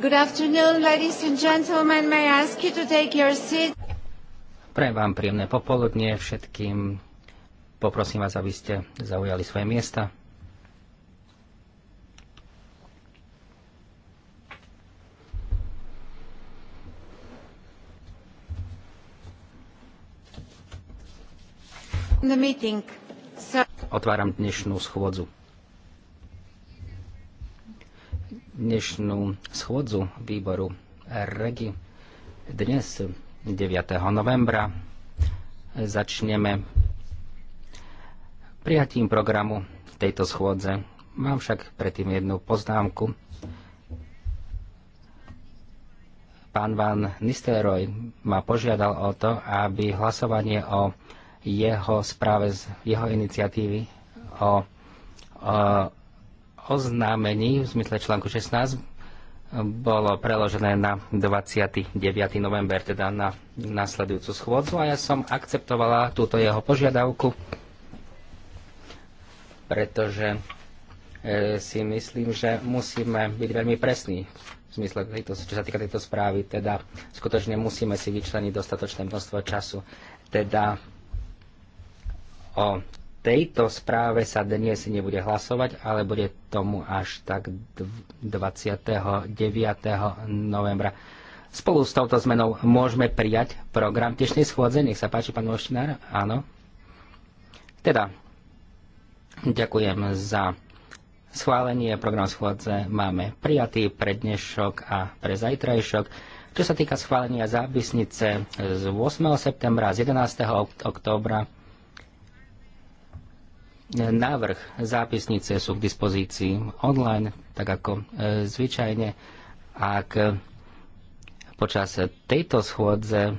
Good afternoon, ladies and gentlemen. May I ask you to take your seat? Prajem vám príjemné popoludne všetkým. Poprosím vás, aby ste zaujali svoje miesta. The meeting. So... Otváram dnešnú schôdzu. dnešnú schôdzu výboru REGI. Dnes, 9. novembra, začneme prijatím programu tejto schôdze. Mám však predtým jednu poznámku. Pán Van Nisteroj ma požiadal o to, aby hlasovanie o jeho správe z jeho iniciatívy o, o oznámení v zmysle článku 16 bolo preložené na 29. november, teda na nasledujúcu schôdzu a ja som akceptovala túto jeho požiadavku, pretože e, si myslím, že musíme byť veľmi presní v zmysle, tejto, čo sa týka tejto správy, teda skutočne musíme si vyčleniť dostatočné množstvo času. Teda o tejto správe sa dnes nebude hlasovať, ale bude tomu až tak 29. novembra. Spolu s touto zmenou môžeme prijať program dnešnej schôdze. Nech sa páči, pán Moštinár. Áno. Teda, ďakujem za schválenie. Program schôdze máme prijatý pre dnešok a pre zajtrajšok. Čo sa týka schválenia zápisnice z 8. septembra, z 11. októbra, návrh zápisnice sú k dispozícii online, tak ako e, zvyčajne. Ak e, počas tejto schôdze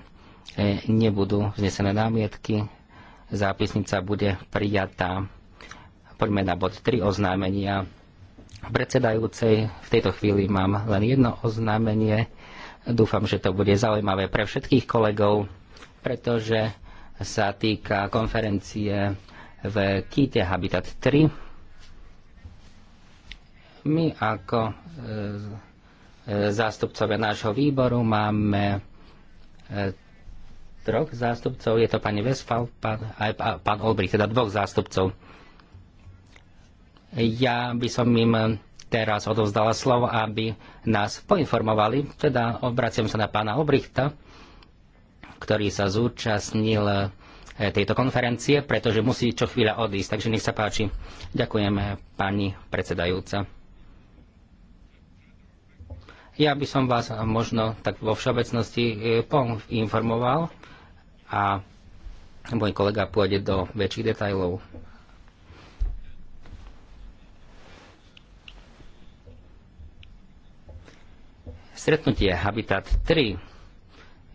e, nebudú vznesené námietky, zápisnica bude prijatá. Poďme na bod 3 oznámenia. Predsedajúcej v tejto chvíli mám len jedno oznámenie. Dúfam, že to bude zaujímavé pre všetkých kolegov, pretože sa týka konferencie v Kite Habitat 3. My ako e, e, zástupcovia nášho výboru máme e, troch zástupcov, je to pani Vesfal, pán, aj pán Olbrich, teda dvoch zástupcov. Ja by som im teraz odovzdala slovo, aby nás poinformovali, teda obraciam sa na pána Olbrichta, ktorý sa zúčastnil E, tejto konferencie, pretože musí čo chvíľa odísť. Takže nech sa páči. Ďakujem, e, pani predsedajúca. Ja by som vás možno tak vo všeobecnosti e, informoval a môj kolega pôjde do väčších detajlov. Stretnutie Habitat 3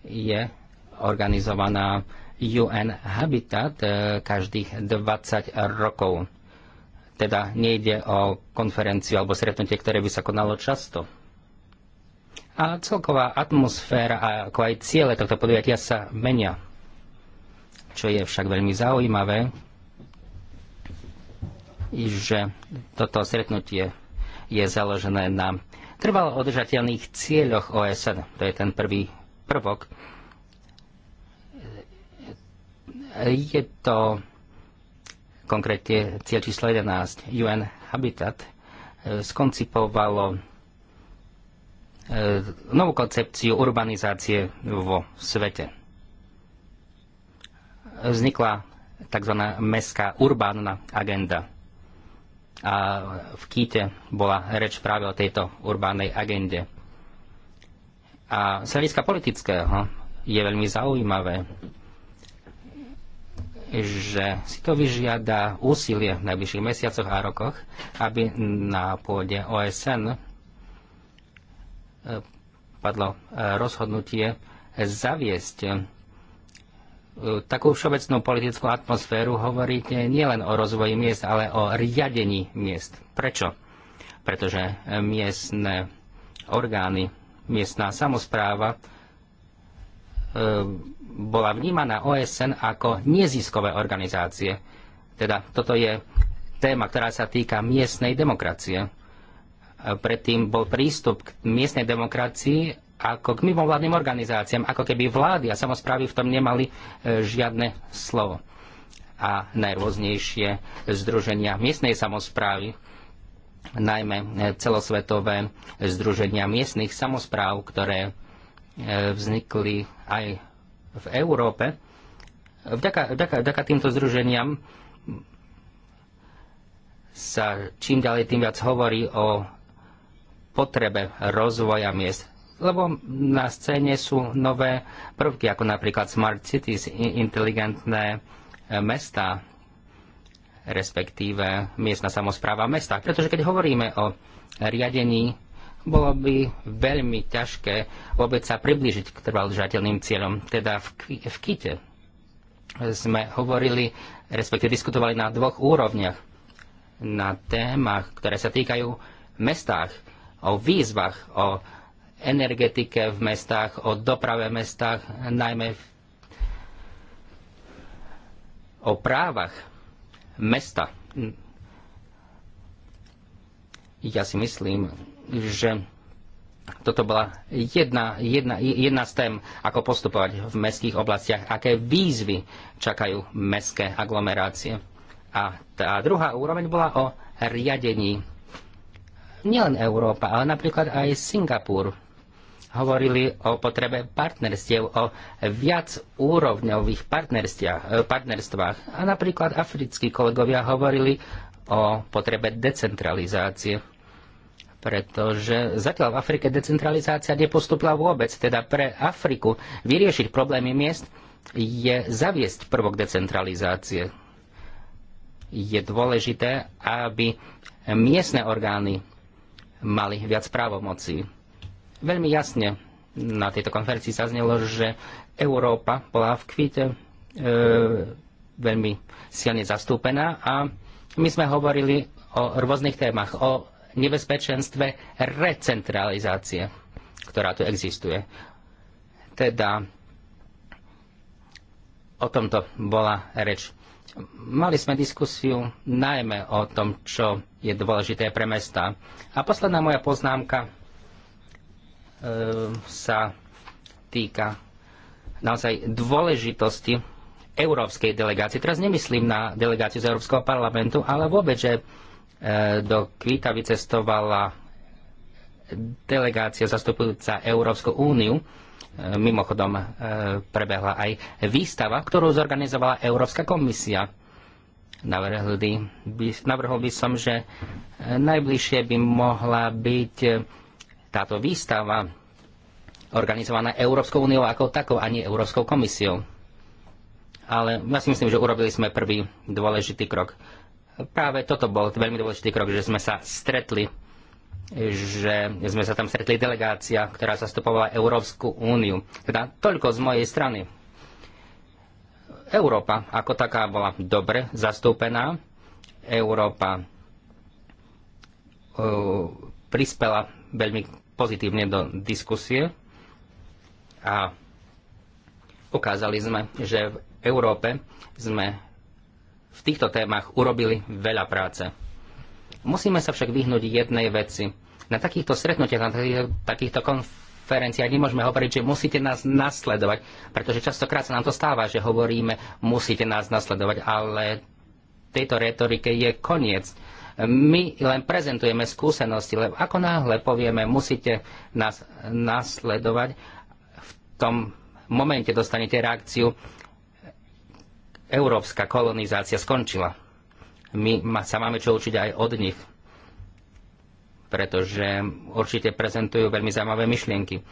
je organizovaná UN Habitat e, každých 20 rokov. Teda nejde o konferenciu alebo stretnutie, ktoré by sa konalo často. A celková atmosféra a ako aj ciele tohto podujatia sa menia. Čo je však veľmi zaujímavé, že toto stretnutie je založené na trvalo održateľných cieľoch OSN. To je ten prvý prvok. Je to konkrétne cieľ číslo 11 UN Habitat e, skoncipovalo e, novú koncepciu urbanizácie vo svete. Vznikla tzv. mestská urbánna agenda. A v Kýte bola reč práve o tejto urbánnej agende. A z hľadiska politického je veľmi zaujímavé, že si to vyžiada úsilie v najbližších mesiacoch a rokoch, aby na pôde OSN e, padlo e, rozhodnutie zaviesť e, takú všeobecnú politickú atmosféru hovoríte nielen o rozvoji miest, ale o riadení miest. Prečo? Pretože miestne orgány, miestná samozpráva E, bola vnímaná OSN ako neziskové organizácie. Teda toto je téma, ktorá sa týka miestnej demokracie. E, predtým bol prístup k miestnej demokracii ako k mimovládnym organizáciám, ako keby vlády a samozprávy v tom nemali e, žiadne slovo. A najrôznejšie združenia miestnej samozprávy, najmä celosvetové združenia miestnych samozpráv, ktoré E, vznikli aj v Európe. Vďaka, vďaka, vďaka týmto združeniam sa čím ďalej tým viac hovorí o potrebe rozvoja miest. Lebo na scéne sú nové prvky, ako napríklad smart cities, inteligentné e, mesta, respektíve miestna samozpráva mesta. Pretože keď hovoríme o riadení bolo by veľmi ťažké vôbec sa priblížiť k trvalžateľným cieľom. Teda v, v Kite sme hovorili, respektíve diskutovali na dvoch úrovniach. Na témach, ktoré sa týkajú mestách, o výzvach, o energetike v mestách, o doprave v mestách, najmä v, o právach mesta. Hm. Ja si myslím, že toto bola jedna, jedna, jedna z tém, ako postupovať v mestských oblastiach, aké výzvy čakajú mestské aglomerácie. A tá druhá úroveň bola o riadení. Nielen Európa, ale napríklad aj Singapur hovorili o potrebe partnerstiev, o viac úrovňových partnerstvách. A napríklad africkí kolegovia hovorili o potrebe decentralizácie pretože zatiaľ v Afrike decentralizácia nepostupila vôbec. Teda pre Afriku vyriešiť problémy miest je zaviesť prvok decentralizácie. Je dôležité, aby miestne orgány mali viac právomocí. Veľmi jasne na tejto konferencii sa znelo, že Európa bola v kvite e, veľmi silne zastúpená a my sme hovorili o rôznych témach, o nebezpečenstve recentralizácie, ktorá tu existuje. Teda o tomto bola reč. Mali sme diskusiu najmä o tom, čo je dôležité pre mesta. A posledná moja poznámka e, sa týka naozaj dôležitosti európskej delegácie. Teraz nemyslím na delegáciu z Európskeho parlamentu, ale vôbec, že E, do Kvita vycestovala delegácia zastupujúca Európsku úniu. E, mimochodom e, prebehla aj výstava, ktorú zorganizovala Európska komisia. navrhol by som, že najbližšie by mohla byť táto výstava organizovaná Európskou úniou ako takou a nie Európskou komisiou. Ale ja si myslím, že urobili sme prvý dôležitý krok práve toto bol veľmi dôležitý krok, že sme sa stretli že sme sa tam stretli delegácia, ktorá zastupovala Európsku úniu. Teda toľko z mojej strany. Európa ako taká bola dobre zastúpená. Európa uh, prispela veľmi pozitívne do diskusie a ukázali sme, že v Európe sme v týchto témach urobili veľa práce. Musíme sa však vyhnúť jednej veci. Na takýchto stretnutiach, na takýchto konferenciách nemôžeme hovoriť, že musíte nás nasledovať, pretože častokrát sa nám to stáva, že hovoríme, musíte nás nasledovať, ale tejto retorike je koniec. My len prezentujeme skúsenosti, lebo ako náhle povieme, musíte nás nasledovať, v tom momente dostanete reakciu európska kolonizácia skončila. My sa máme čo učiť aj od nich, pretože určite prezentujú veľmi zaujímavé myšlienky.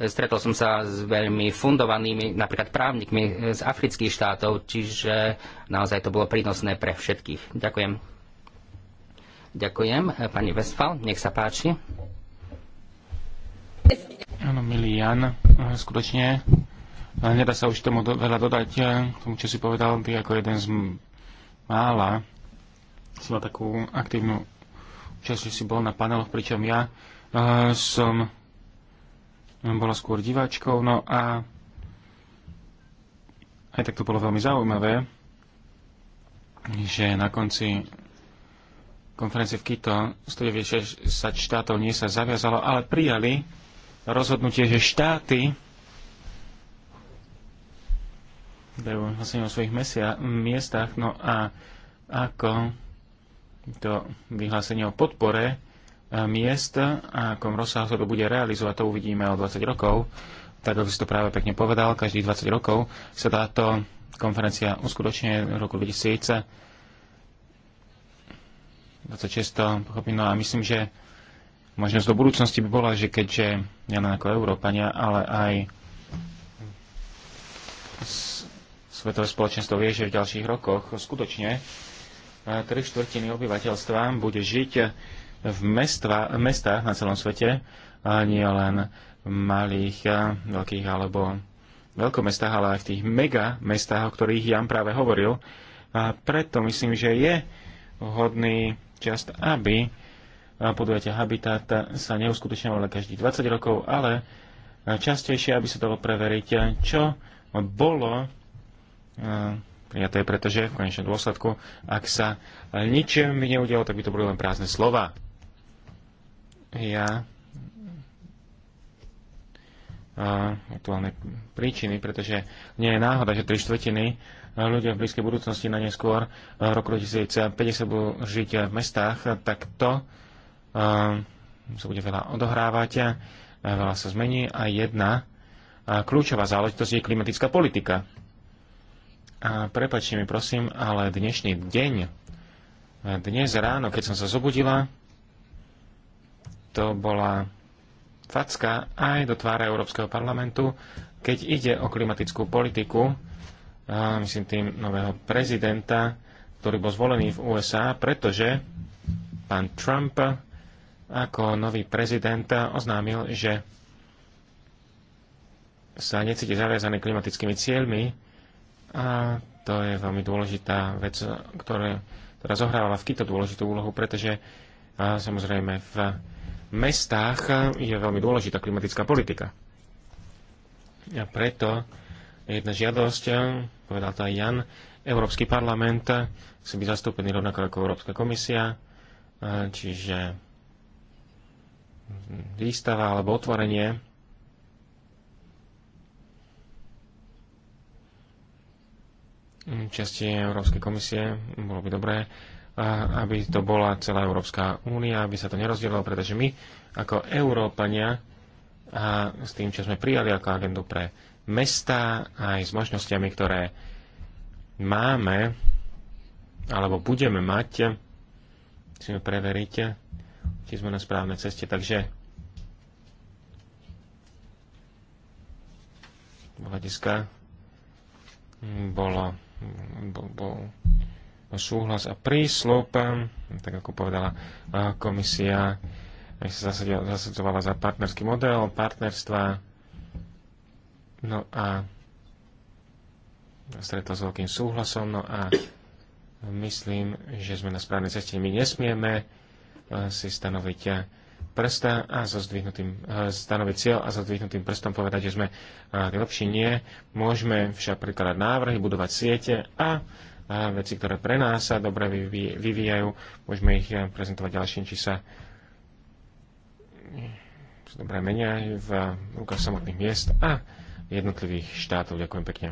Stretol som sa s veľmi fundovanými, napríklad právnikmi eh, z afrických štátov, čiže naozaj to bolo prínosné pre všetkých. Ďakujem. Ďakujem. Eh, pani Westfal, nech sa páči. Áno, milý Jan, eh, skutočne nedá sa už tomu do, veľa dodať, eh, tomu, čo si povedal, ty ako jeden z mála si mal takú aktívnu časť, že si bol na paneloch, pričom ja uh, som bola skôr diváčkou, no a aj tak to bolo veľmi zaujímavé, že na konci konferencie v Kito 196 štátov nie sa zaviazalo, ale prijali rozhodnutie, že štáty berú hlasenie o svojich mesia, miestach. No a ako to vyhlásenie o podpore e, miest a akom rozsahu sa to bude realizovať, to uvidíme o 20 rokov. Tak ako si to práve pekne povedal, každých 20 rokov sa táto konferencia uskutočne v roku 2000. 26 pochopím. No a myslím, že možnosť do budúcnosti by bola, že keďže len ako Európania, ale aj svetové spoločenstvo vie, že v ďalších rokoch skutočne e, tri štvrtiny obyvateľstva bude žiť v mestva, mestách na celom svete, nie len v malých, e, veľkých alebo veľkomestách, ale aj v tých mega mestách, o ktorých Jan práve hovoril. A preto myslím, že je hodný čas, aby e, podujatia Habitat sa neuskutočňovalo každých 20 rokov, ale častejšie, aby sa dalo preveriť, čo bolo prijaté, pretože v konečnom dôsledku, ak sa nič mi neudialo, tak by to boli len prázdne slova. Ja aktuálne príčiny, pretože nie je náhoda, že tri štvrtiny ľudia v blízkej budúcnosti na neskôr v roku 2050 budú žiť v mestách, tak to sa bude veľa odohrávať, veľa sa zmení a jedna kľúčová záležitosť je klimatická politika. A prepačte mi prosím, ale dnešný deň, dnes ráno, keď som sa zobudila, to bola facka aj do tvára Európskeho parlamentu, keď ide o klimatickú politiku, myslím tým nového prezidenta, ktorý bol zvolený v USA, pretože pán Trump ako nový prezident oznámil, že sa necíti zaviazaný klimatickými cieľmi, a to je veľmi dôležitá vec, ktoré, ktorá zohrávala v Kito dôležitú úlohu, pretože a samozrejme v mestách je veľmi dôležitá klimatická politika. A preto jedna žiadosť, povedal to aj Jan, Európsky parlament chce byť zastúpený rovnako ako Európska komisia, čiže výstava alebo otvorenie Mm, časti Európskej komisie. Bolo by dobré, aby to bola celá Európska únia, aby sa to nerozdielalo, pretože my ako Európania a s tým, čo sme prijali ako agendu pre mesta, aj s možnosťami, ktoré máme alebo budeme mať, musíme preveriť, či sme na správnej ceste. Takže hľadiska mm, bolo bol, bol súhlas a prísľub, tak ako povedala komisia, eh, sa zasadzovala za partnerský model, partnerstva. No a stretla s veľkým súhlasom. No a myslím, že sme na správnej ceste. My nesmieme eh, si stanoviť eh, prsta a so zdvihnutým, e, stanoviť cieľ a so zdvihnutým prstom povedať, že sme e, lepší nie. Môžeme však prikladať návrhy, budovať siete a veci, ktoré pre nás sa dobre vyvíjajú, môžeme ich e, prezentovať ďalším, či sa dobre menia v rukách samotných miest a jednotlivých štátov. Ďakujem pekne.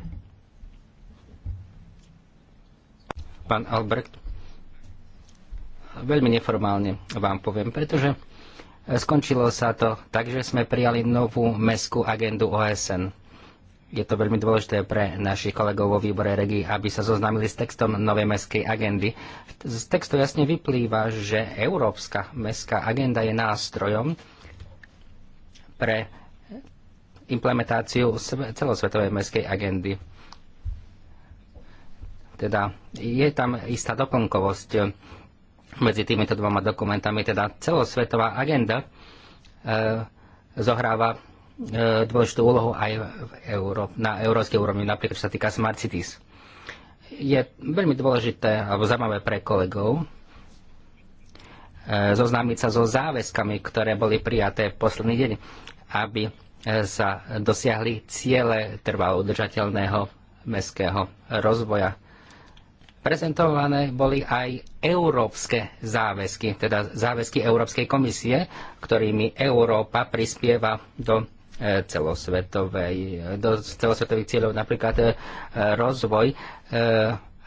Pán Albrecht, veľmi neformálne vám poviem, pretože Skončilo sa to tak, že sme prijali novú mestskú agendu OSN. Je to veľmi dôležité pre našich kolegov vo výbore regi, aby sa zoznámili s textom novej mestskej agendy. Z textu jasne vyplýva, že Európska mestská agenda je nástrojom pre implementáciu celosvetovej mestskej agendy. Teda je tam istá doplnkovosť medzi týmito dvoma dokumentami, teda celosvetová agenda e, zohráva e, dôležitú úlohu aj v Euró- na európskej úrovni, napríklad čo sa týka Smart Cities. Je veľmi dôležité alebo zaujímavé pre kolegov e, zoznámiť sa so záväzkami, ktoré boli prijaté v posledný deň, aby sa dosiahli ciele trvalo udržateľného mestského rozvoja prezentované boli aj európske záväzky, teda záväzky Európskej komisie, ktorými Európa prispieva do e, celosvetovej, do celosvetových cieľov, napríklad e, rozvoj e,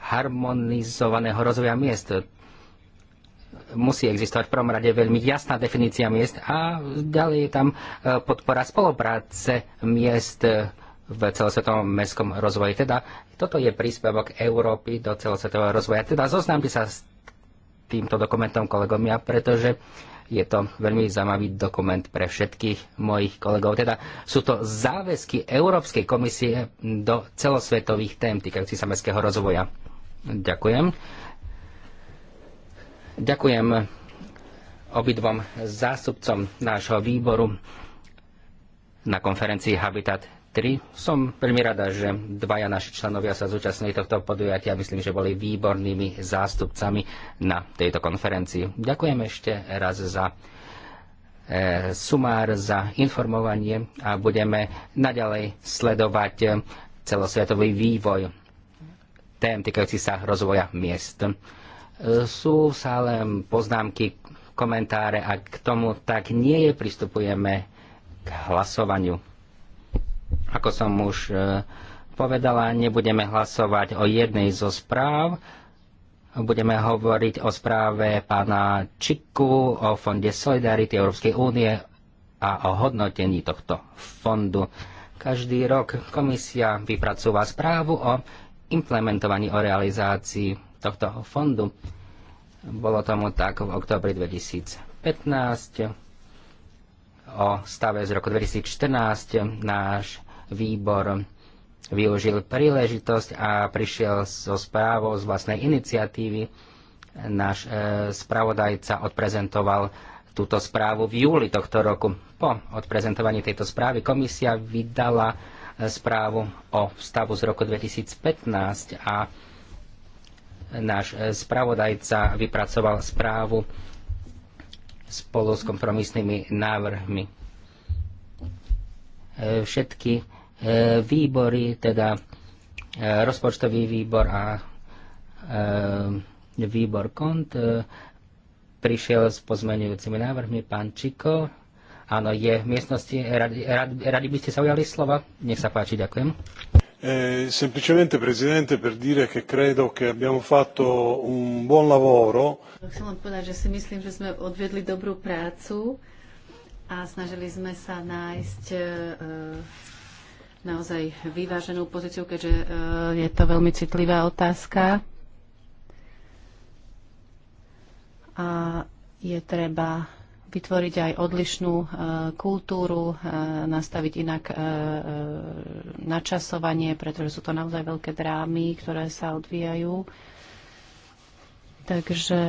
harmonizovaného rozvoja miest. Musí existovať v prvom rade veľmi jasná definícia miest a ďalej je tam podpora spolupráce miest v celosvetovom mestskom rozvoji. Teda toto je príspevok Európy do celosvetového rozvoja. Teda zoznámte sa s týmto dokumentom kolegomia, pretože je to veľmi zaujímavý dokument pre všetkých mojich kolegov. Teda sú to záväzky Európskej komisie do celosvetových tém týkajúcich sa mestského rozvoja. Ďakujem. Ďakujem obidvom zástupcom nášho výboru na konferencii Habitat 3. Som veľmi rada, že dvaja naši členovia sa zúčastnili tohto podujatia. Myslím, že boli výbornými zástupcami na tejto konferencii. Ďakujem ešte raz za e, sumár, za informovanie a budeme naďalej sledovať e, celosvetový vývoj tém týkajúci sa rozvoja miest. E, sú sa len poznámky, komentáre a k tomu tak nie je, pristupujeme k hlasovaniu. Ako som už e, povedala, nebudeme hlasovať o jednej zo správ. Budeme hovoriť o správe pána Čiku, o Fonde Solidarity Európskej únie a o hodnotení tohto fondu. Každý rok komisia vypracúva správu o implementovaní, o realizácii tohto fondu. Bolo tomu tak v oktobri 2015 o stave z roku 2014 náš výbor využil príležitosť a prišiel so správou z vlastnej iniciatívy. Náš e, spravodajca odprezentoval túto správu v júli tohto roku. Po odprezentovaní tejto správy komisia vydala e, správu o stavu z roku 2015 a náš e, spravodajca vypracoval správu spolu s kompromisnými návrhmi. E, všetky e, výbory, teda e, rozpočtový výbor a výbor kont, prišiel s pozmenujúcimi návrhmi pán Čiko, Áno, je v miestnosti. Radi, radi, radi by ste sa ujali slova? Nech sa páči, ďakujem. Eh, semplicemente Presidente per dire che credo che abbiamo fatto un buon lavoro. Chcem len povedať, že si myslím, že sme odvedli dobrú prácu a snažili sme sa nájsť eh, naozaj vyváženú pozíciu, keďže eh, je to veľmi citlivá otázka. A je treba vytvoriť aj odlišnú e, kultúru, e, nastaviť inak e, načasovanie, pretože sú to naozaj veľké drámy, ktoré sa odvíjajú. Takže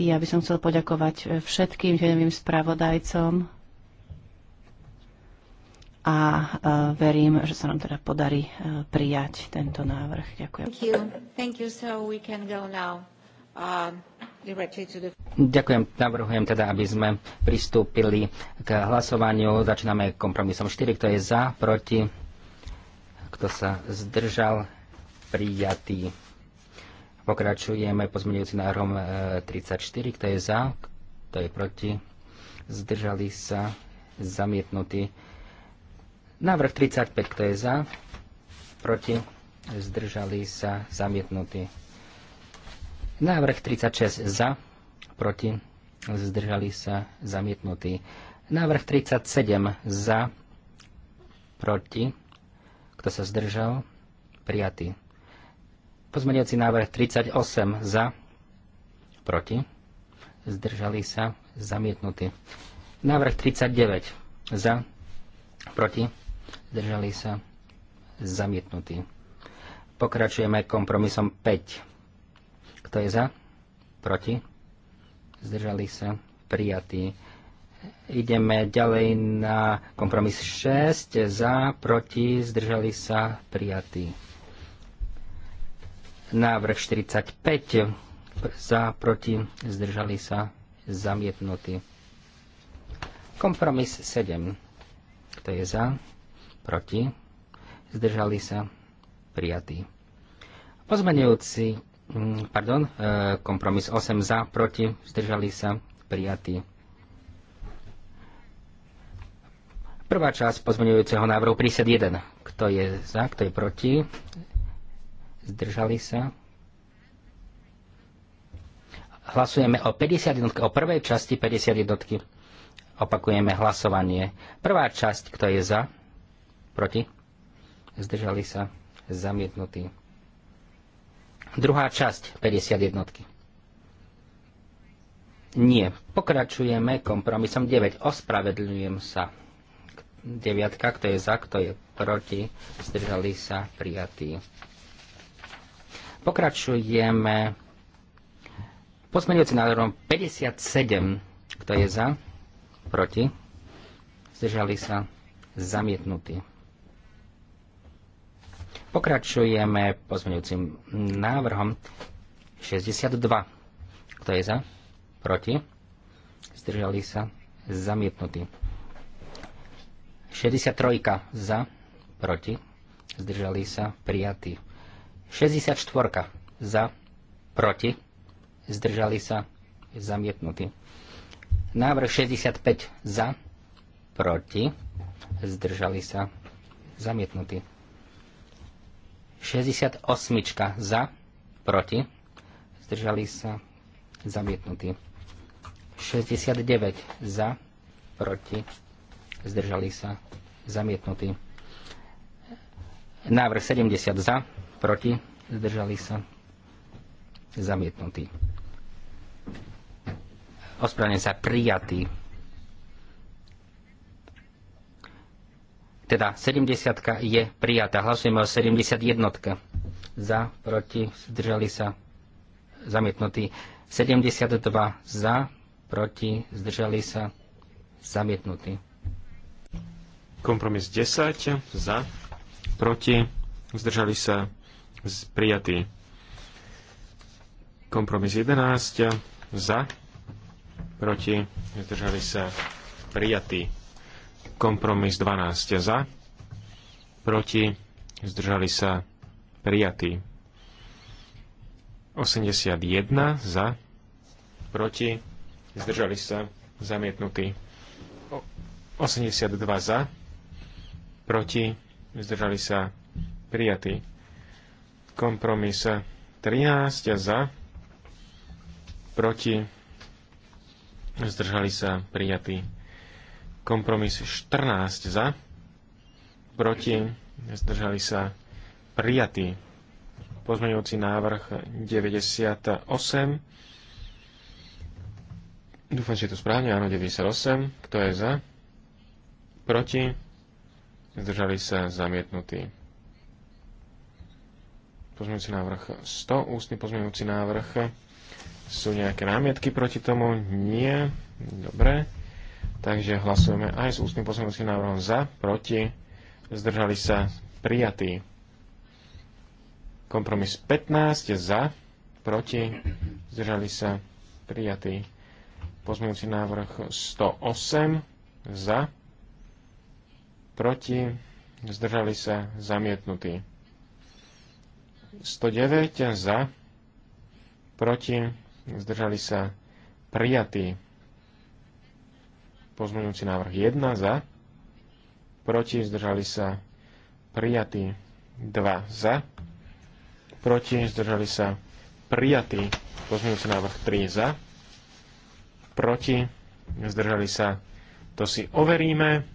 ja by som chcel poďakovať všetkým deňovým spravodajcom a verím, že sa nám teda podarí prijať tento návrh. Ďakujem. Thank you. Thank you. So Ďakujem. Navrhujem teda, aby sme pristúpili k hlasovaniu. Začíname kompromisom 4. Kto je za, proti? Kto sa zdržal? Prijatý. Pokračujeme pozmeňujúci návrhom 34. E, Kto je za? Kto je proti? Zdržali sa? Zamietnutý. Návrh 35. Kto je za? Proti? Zdržali sa? Zamietnutý. Návrh 36 za, proti, zdržali sa, zamietnutý. Návrh 37 za, proti, kto sa zdržal, prijatý. Pozmeniaci návrh 38 za, proti, zdržali sa, zamietnutý. Návrh 39 za, proti, zdržali sa, zamietnutý. Pokračujeme kompromisom 5 kto je za? Proti? Zdržali sa? Prijatí. Ideme ďalej na kompromis 6. Za, proti, zdržali sa, prijatí. Návrh 45. Za, proti, zdržali sa, zamietnutí. Kompromis 7. Kto je za? Proti? Zdržali sa? Prijatí. Pozmenujúci Mm, pardon, e, kompromis 8 za, proti, zdržali sa, prijatý. Prvá časť pozmeňujúceho návrhu 1. Kto je za, kto je proti? Zdržali sa? Hlasujeme o jednotky, o prvej časti 50 jednotky Opakujeme hlasovanie. Prvá časť, kto je za? Proti? Zdržali sa? Zamietnutý. Druhá časť 51. Nie. Pokračujeme kompromisom 9. Ospravedlňujem sa. 9. Kto je za, kto je proti? Zdržali sa prijatí. Pokračujeme pozmeňujúcim návrhom 57. Kto je za? Proti? Zdržali sa? Zamietnutí. Pokračujeme pozmeňujúcim návrhom 62. Kto je za? Proti? Zdržali sa? zamietnutí. 63. Za? Proti? Zdržali sa? prijatí. 64. Za? Proti? Zdržali sa? zamietnutí. Návrh 65. Za? Proti? Zdržali sa? zamietnutí. 68 za, proti, zdržali sa zamietnutí. 69 za, proti, zdržali sa zamietnutí. Návrh 70 za, proti, zdržali sa zamietnutí. Ospravedlňujem sa, prijatý Teda 70 je prijatá. Hlasujeme o 71. Za, proti, zdržali sa zamietnutí. 72 za, proti, zdržali sa zamietnutí. Kompromis 10 za, proti, zdržali sa prijatí. Kompromis 11 za, proti, zdržali sa prijatí. Kompromis 12 za, proti, zdržali sa prijatí. 81 za, proti, zdržali sa zamietnutí. 82 za, proti, zdržali sa prijatí. Kompromis 13 za, proti, zdržali sa prijatí. Kompromis 14 za, proti, zdržali sa prijatí. Pozmeňujúci návrh 98. Dúfam, že je to správne. Áno, 98. Kto je za? Proti? Zdržali sa zamietnutí. Pozmeňujúci návrh 100. Ústny pozmeňujúci návrh. Sú nejaké námietky proti tomu? Nie. Dobre. Takže hlasujeme aj s ústnym poslaneckým návrhom za, proti, zdržali sa prijatí. Kompromis 15 za, proti, zdržali sa prijatí. Pozmeňujúci návrh 108 za, proti, zdržali sa zamietnutí. 109 za, proti, zdržali sa prijatí. Pozmeňujúci návrh 1 za, proti, zdržali sa prijatí 2 za, proti, zdržali sa prijatí pozmeňujúci návrh 3 za, proti, zdržali sa, to si overíme.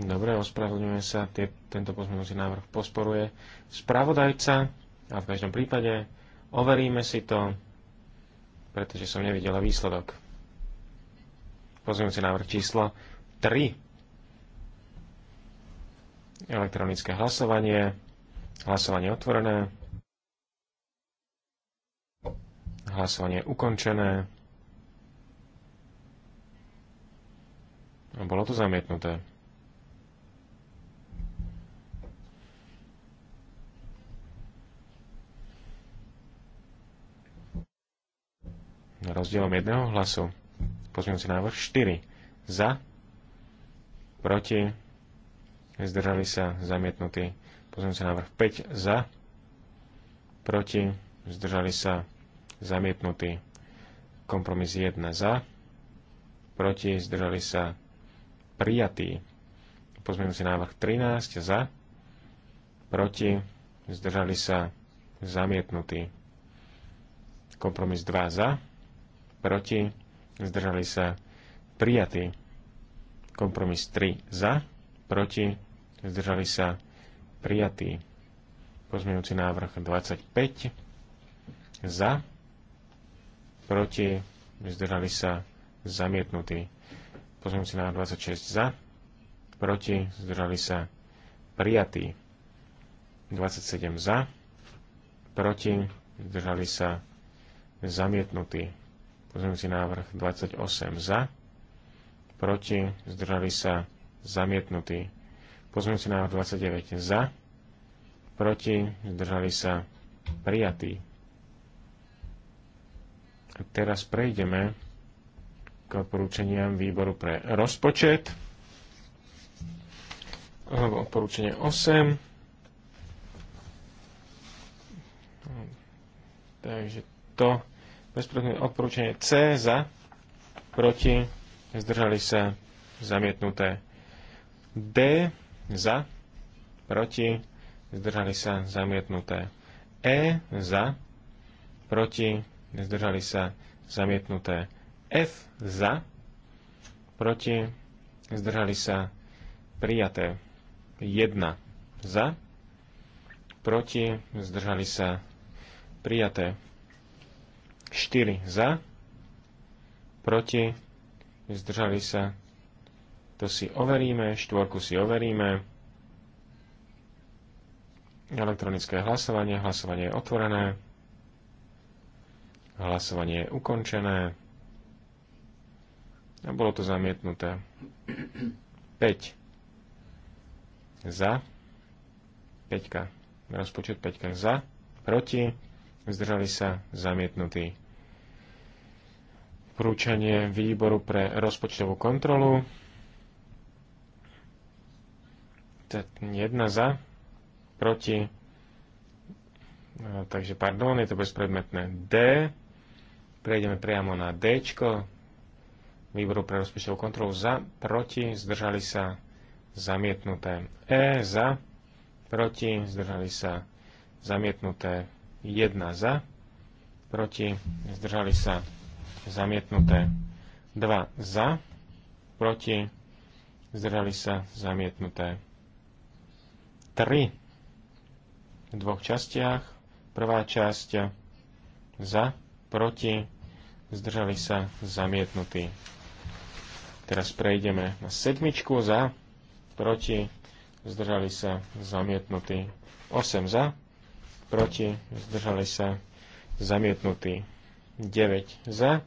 Dobre, ospravedlňujem sa, Tie, tento pozmeňujúci návrh posporuje spravodajca a v každom prípade overíme si to pretože som nevidela výsledok. si návrh číslo 3. Elektronické hlasovanie. Hlasovanie otvorené. Hlasovanie ukončené. A bolo to zamietnuté. rozdielom jedného hlasu. Pozmeňujúci návrh 4. Za, proti, zdržali sa, zamietnutý. Pozmeňujúci návrh 5. Za, proti, zdržali sa, zamietnutý. Kompromis 1. Za, proti, zdržali sa, prijatý. Pozmeňujúci návrh 13. Za, proti, zdržali sa, zamietnutý. Kompromis 2 za, proti, zdržali sa prijatí. Kompromis 3 za, proti, zdržali sa prijatí. Pozmeňujúci návrh 25 za, proti, zdržali sa zamietnutí. Pozmeňujúci návrh 26 za, proti, zdržali sa prijatí. 27 za, proti, zdržali sa zamietnutí. Pozmeňujúci návrh 28 za, proti, zdržali sa, zamietnutý. Pozmeňujúci návrh 29 za, proti, zdržali sa, prijatý. A teraz prejdeme k odporúčaniam výboru pre rozpočet. Alebo odporúčanie 8. Takže to bezpredmetné odporúčanie C za, proti, zdržali sa zamietnuté. D za, proti, zdržali sa zamietnuté. E za, proti, zdržali sa zamietnuté. F za, proti, zdržali sa prijaté. 1 za, proti, zdržali sa prijaté. 4 za, proti, zdržali sa, to si overíme, štvorku si overíme, elektronické hlasovanie, hlasovanie je otvorené, hlasovanie je ukončené a bolo to zamietnuté. 5 za, 5, rozpočet 5 za, proti, zdržali sa zamietnutí. Prúčanie výboru pre rozpočtovú kontrolu. Jedna za, proti, no, takže pardon, je to bezpredmetné. D, prejdeme priamo na D, výboru pre rozpočtovú kontrolu za, proti, zdržali sa zamietnuté. E za, proti, zdržali sa zamietnuté. 1 za, proti, zdržali sa zamietnuté 2 za, proti, zdržali sa zamietnuté 3 v dvoch častiach. Prvá časť za, proti, zdržali sa zamietnutí. Teraz prejdeme na sedmičku za, proti, zdržali sa zamietnutí. 8 za, proti, zdržali sa, zamietnutý. 9 za,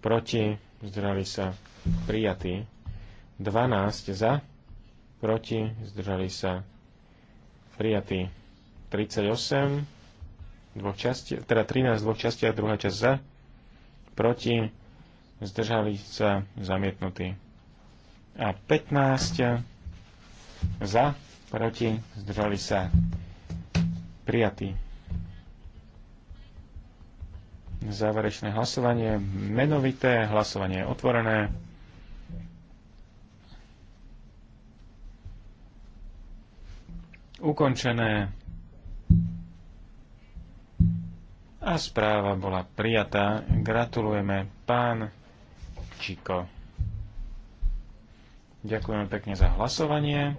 proti, zdržali sa, prijatý. 12 za, proti, zdržali sa, prijatý. 38, dvoch časti, teda 13 dvoch časti a druhá časť za, proti, zdržali sa, zamietnutý. A 15 za, proti, zdržali sa, prijatý. Záverečné hlasovanie menovité, hlasovanie je otvorené. Ukončené. A správa bola prijatá. Gratulujeme pán Čiko. Ďakujeme pekne za hlasovanie.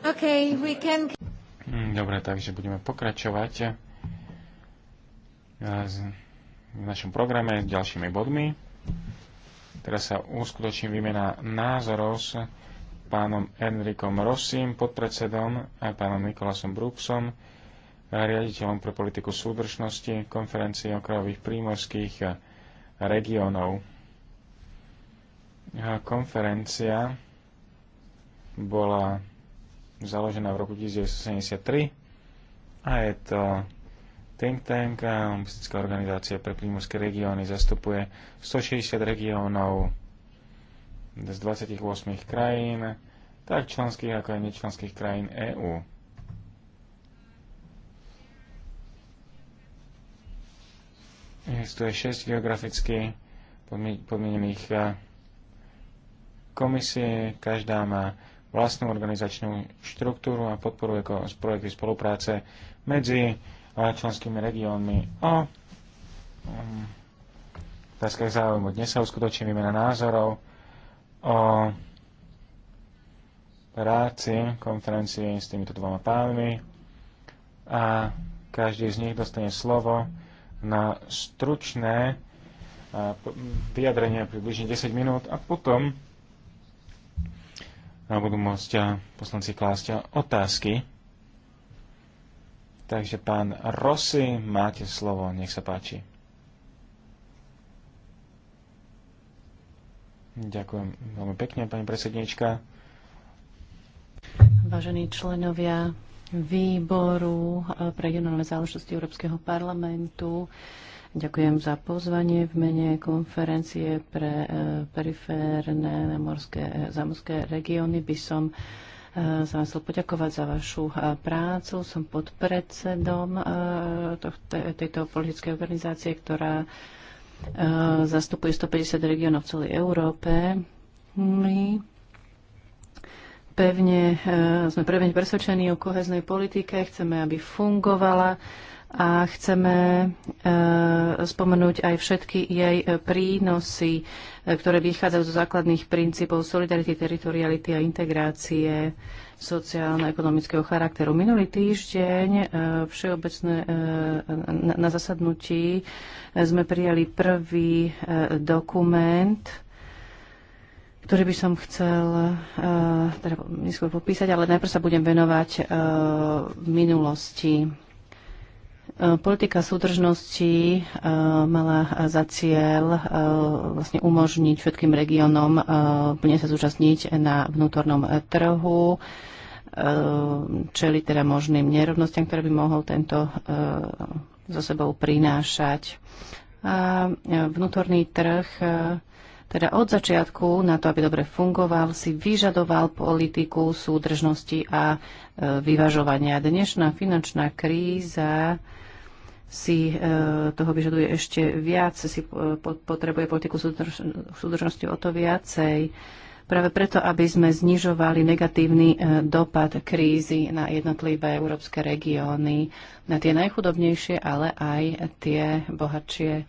Okay, we can... Mm, dobre, takže budeme pokračovať eh, v našom programe s ďalšími bodmi. Teraz sa uskutoční výmena názorov s pánom Enrikom Rossim, podpredsedom a pánom Nikolasom Brooksom, riaditeľom pre politiku súdržnosti konferencie okrajových prímorských eh, regiónov. Konferencia bola založená v roku 1973 a je to think tank, umistická organizácia pre prímorské regióny, zastupuje 160 regiónov z 28 krajín, tak členských ako aj nečlenských krajín EÚ. Existuje 6 geograficky podmienených eh, komisie, každá má vlastnú organizačnú štruktúru a podporuje projekty spolupráce medzi eh, členskými regiónmi o mm, otázkach záujmu. Dnes sa uskutočí výmena názorov o práci konferencie s týmito dvoma pánmi a každý z nich dostane slovo na stručné eh, vyjadrenie približne 10 minút a potom a budú môcť eh, poslanci klásť eh, otázky. Takže pán Rossi, máte slovo, nech sa páči. Ďakujem veľmi pekne, pani predsednička. Vážení členovia výboru eh, pre regionálne záležitosti Európskeho parlamentu, Ďakujem za pozvanie v mene konferencie pre e, periférne morské, e, zamorské regióny. By som e, sa vám chcel poďakovať za vašu prácu. Som podpredsedom tejto politickej organizácie, ktorá zastupuje 150 regiónov v celej Európe. My pevne, sme pevne presvedčení o koheznej politike, chceme, aby fungovala a chceme e, spomenúť aj všetky jej prínosy, e, ktoré vychádzajú zo základných princípov solidarity, teritoriality a integrácie sociálno-ekonomického charakteru. Minulý týždeň e, všeobecné, na zasadnutí sme prijali prvý dokument, ktorý by som chcel teda neskôr popísať, ale najprv sa budem venovať v minulosti E, politika súdržnosti e, mala za cieľ e, vlastne umožniť všetkým regiónom plne sa zúčastniť na vnútornom trhu, čeli teda možným nerovnostiam, ktoré by mohol tento so sebou prinášať. A vnútorný trh teda od začiatku, na to, aby dobre fungoval, si vyžadoval politiku súdržnosti a vyvažovania. Dnešná finančná kríza si e, toho vyžaduje ešte viac, si e, potrebuje politiku súdržnosti o to viacej. Práve preto, aby sme znižovali negatívny e, dopad krízy na jednotlivé európske regióny, na tie najchudobnejšie, ale aj tie bohatšie.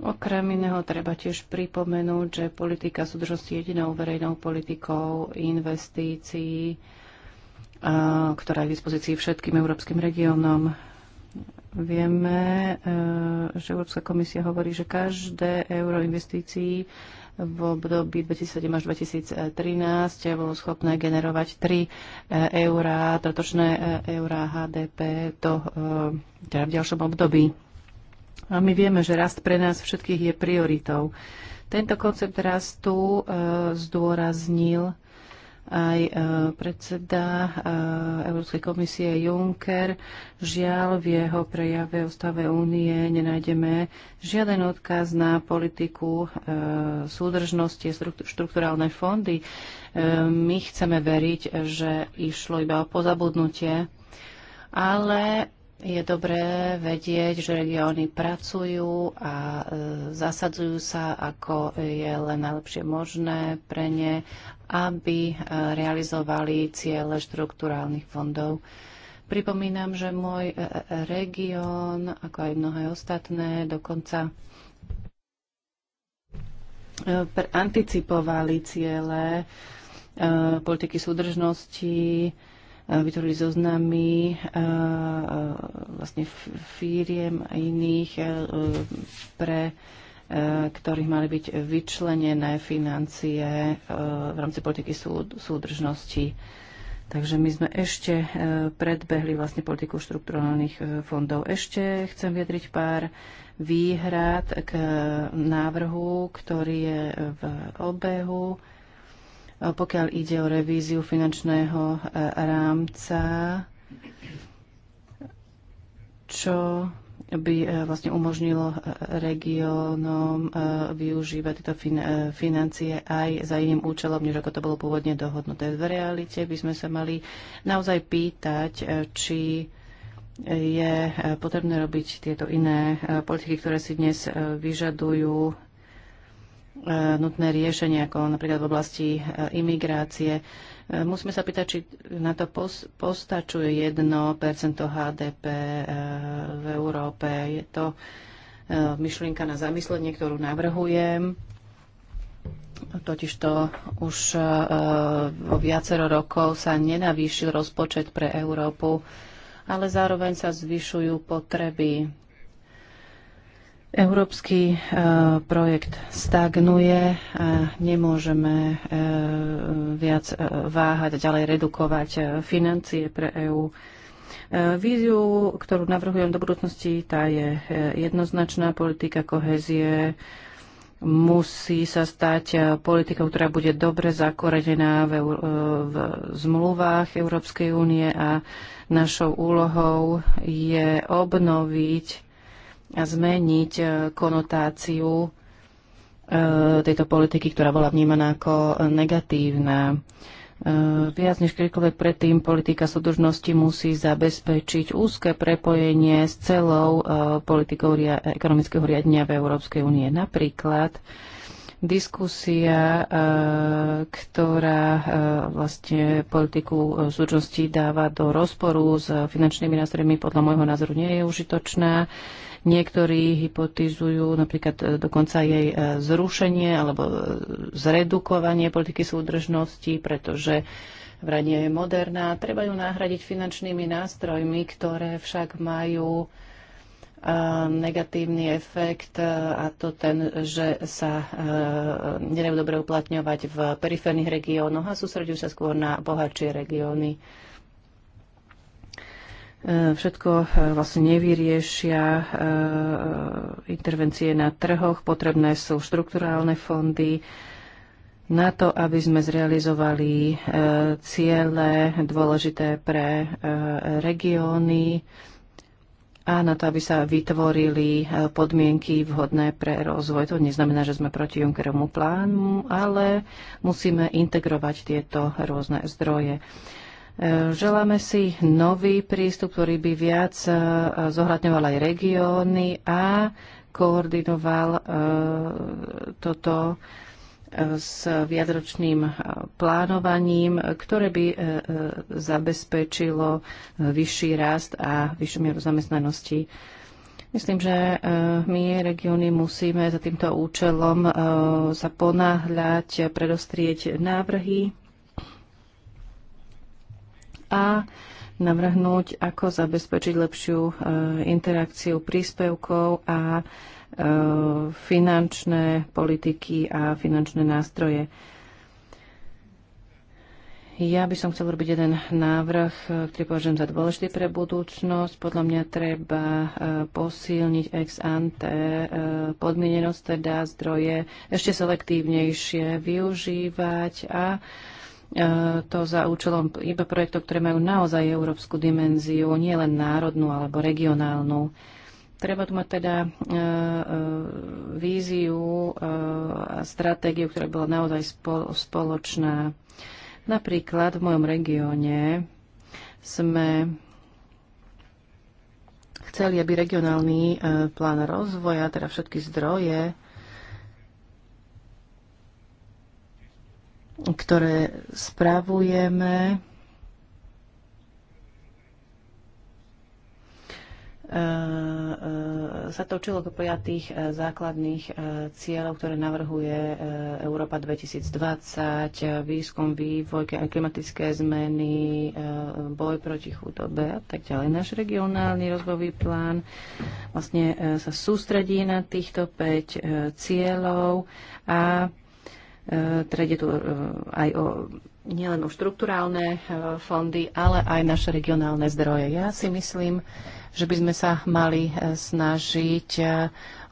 Okrem iného treba tiež pripomenúť, že politika súdržnosti jedinou verejnou politikou investícií, ktorá je k dispozícii všetkým európskym regiónom Vieme, eh, že Európska komisia hovorí, že každé euro investícií v období 2007 až 2013 bolo schopné generovať 3 eh, eurá, totočné eh, eurá HDP do, teda v ďalšom období. A my vieme, že rast pre nás všetkých je prioritou. Tento koncept rastu zdôraznil aj e, predseda e, Európskej komisie Juncker. Žiaľ, v jeho prejave o stave únie nenájdeme žiaden odkaz na politiku e, súdržnosti, štrukturálne fondy. My chceme veriť, že išlo iba o pozabudnutie, ale je dobré vedieť, že regióny pracujú a zasadzujú sa, ako je len najlepšie možné pre ne aby eh, realizovali ciele štruktúrálnych fondov. Pripomínam, že môj eh, eh, región, ako aj mnohé ostatné, dokonca anticipovali ciele politiky súdržnosti, vytvorili zoznamy vlastne firiem a iných pre ktorých mali byť vyčlenené financie e, v rámci politiky súd, súdržnosti. Takže my sme ešte e, predbehli vlastne politiku štrukturálnych e, fondov. Ešte chcem vyjadriť pár výhrad k návrhu, ktorý je v obehu. Pokiaľ ide o revíziu finančného rámca, čo by e, vlastne umožnilo e, regiónom e, využívať tieto fin- financie aj za iným účelom, než ako to bolo pôvodne dohodnuté. V realite by sme sa mali naozaj pýtať, či je potrebné robiť tieto iné politiky, ktoré si dnes vyžadujú E, nutné riešenie, ako napríklad v oblasti e, imigrácie. E, musíme sa pýtať, či na to postačuje 1% HDP v Európe. Je to myšlienka na zamyslenie, ktorú navrhujem. Totiž to už vo viacero rokov sa nenavýšil rozpočet pre Európu, ale zároveň sa zvyšujú potreby Európsky e, projekt stagnuje a nemôžeme e, viac e, váhať ďalej redukovať financie pre EÚ. Víziu, ktorú navrhujem do budúcnosti, tá je jednoznačná politika kohezie musí sa stať politikou, ktorá bude dobre zakorenená v, v zmluvách Európskej únie a našou úlohou je obnoviť zmeniť e, konotáciu e, tejto politiky, ktorá bola vnímaná ako negatívna. E, viac než kedykoľvek predtým politika súdržnosti musí zabezpečiť úzke prepojenie s celou politikou ekonomického riadenia v Európskej únie. Napríklad diskusia, ktorá vlastne politiku súdržnosti dáva do rozporu s finančnými nástrojmi, podľa môjho názoru nie je užitočná Niektorí hypotizujú napríklad e, dokonca jej e, zrušenie alebo e, zredukovanie politiky súdržnosti, pretože vranie je moderná. Treba ju nahradiť finančnými nástrojmi, ktoré však majú negatívny efekt a to ten, že sa nedajú dobre uplatňovať v periférnych regiónoch a sústredujú sa skôr na bohatšie regióny. E, všetko e, vlastne nevyriešia e, intervencie na trhoch, potrebné sú štrukturálne fondy na to, aby sme zrealizovali ciele dôležité pre regióny a na to, aby sa vytvorili podmienky vhodné pre rozvoj. To neznamená, že sme proti Junckerovmu plánu, ale musíme integrovať tieto rôzne zdroje. E, želáme si nový prístup, ktorý by viac e, zohľadňoval aj regióny a koordinoval e, toto s viacročným plánovaním, ktoré by zabezpečilo vyšší rast a vyššiu mieru zamestnanosti. Myslím, že my, regióny, musíme za týmto účelom sa ponáhľať, predostrieť návrhy a navrhnúť, ako zabezpečiť lepšiu e, interakciu príspevkov a e, finančné politiky a finančné nástroje. Ja by som chcel robiť jeden návrh, e, ktorý považujem za dôležitý pre budúcnosť. Podľa mňa treba posilniť ex ante podmienenosť, teda zdroje ešte selektívnejšie využívať a E, to za účelom iba projektov, ktoré majú naozaj európsku dimenziu, nie len národnú alebo regionálnu. Treba tu mať teda e, e, víziu a stratégiu, ktorá bola naozaj spoločná. Napríklad v mojom regióne sme chceli, aby regionálny plán rozvoja, teda všetky zdroje, ktoré spravujeme. E, e, sa točilo do pojatých e, základných cieľov, ktoré navrhuje Európa 2020, výskum, vývoj, klimatické zmeny, boj proti chudobe a tak ďalej. Náš regionálny rozvojový plán vlastne sa sústredí na týchto 5 cieľov a Trede tu e, aj o nielen o štruktúrálne e, fondy, ale aj naše regionálne zdroje. Ja si myslím, že by sme sa mali e, snažiť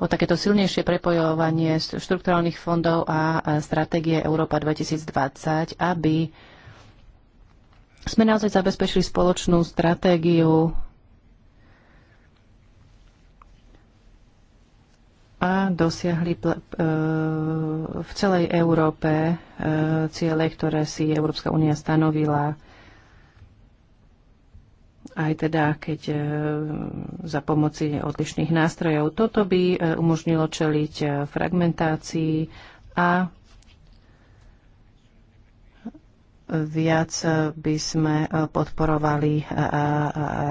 o takéto silnejšie prepojovanie štrukturálnych fondov a stratégie Európa 2020, aby sme naozaj zabezpečili spoločnú stratégiu a dosiahli e, v celej Európe e, ciele, ktoré si Európska únia stanovila aj teda keď e, za pomoci odlišných nástrojov. Toto by umožnilo čeliť fragmentácii a viac by sme podporovali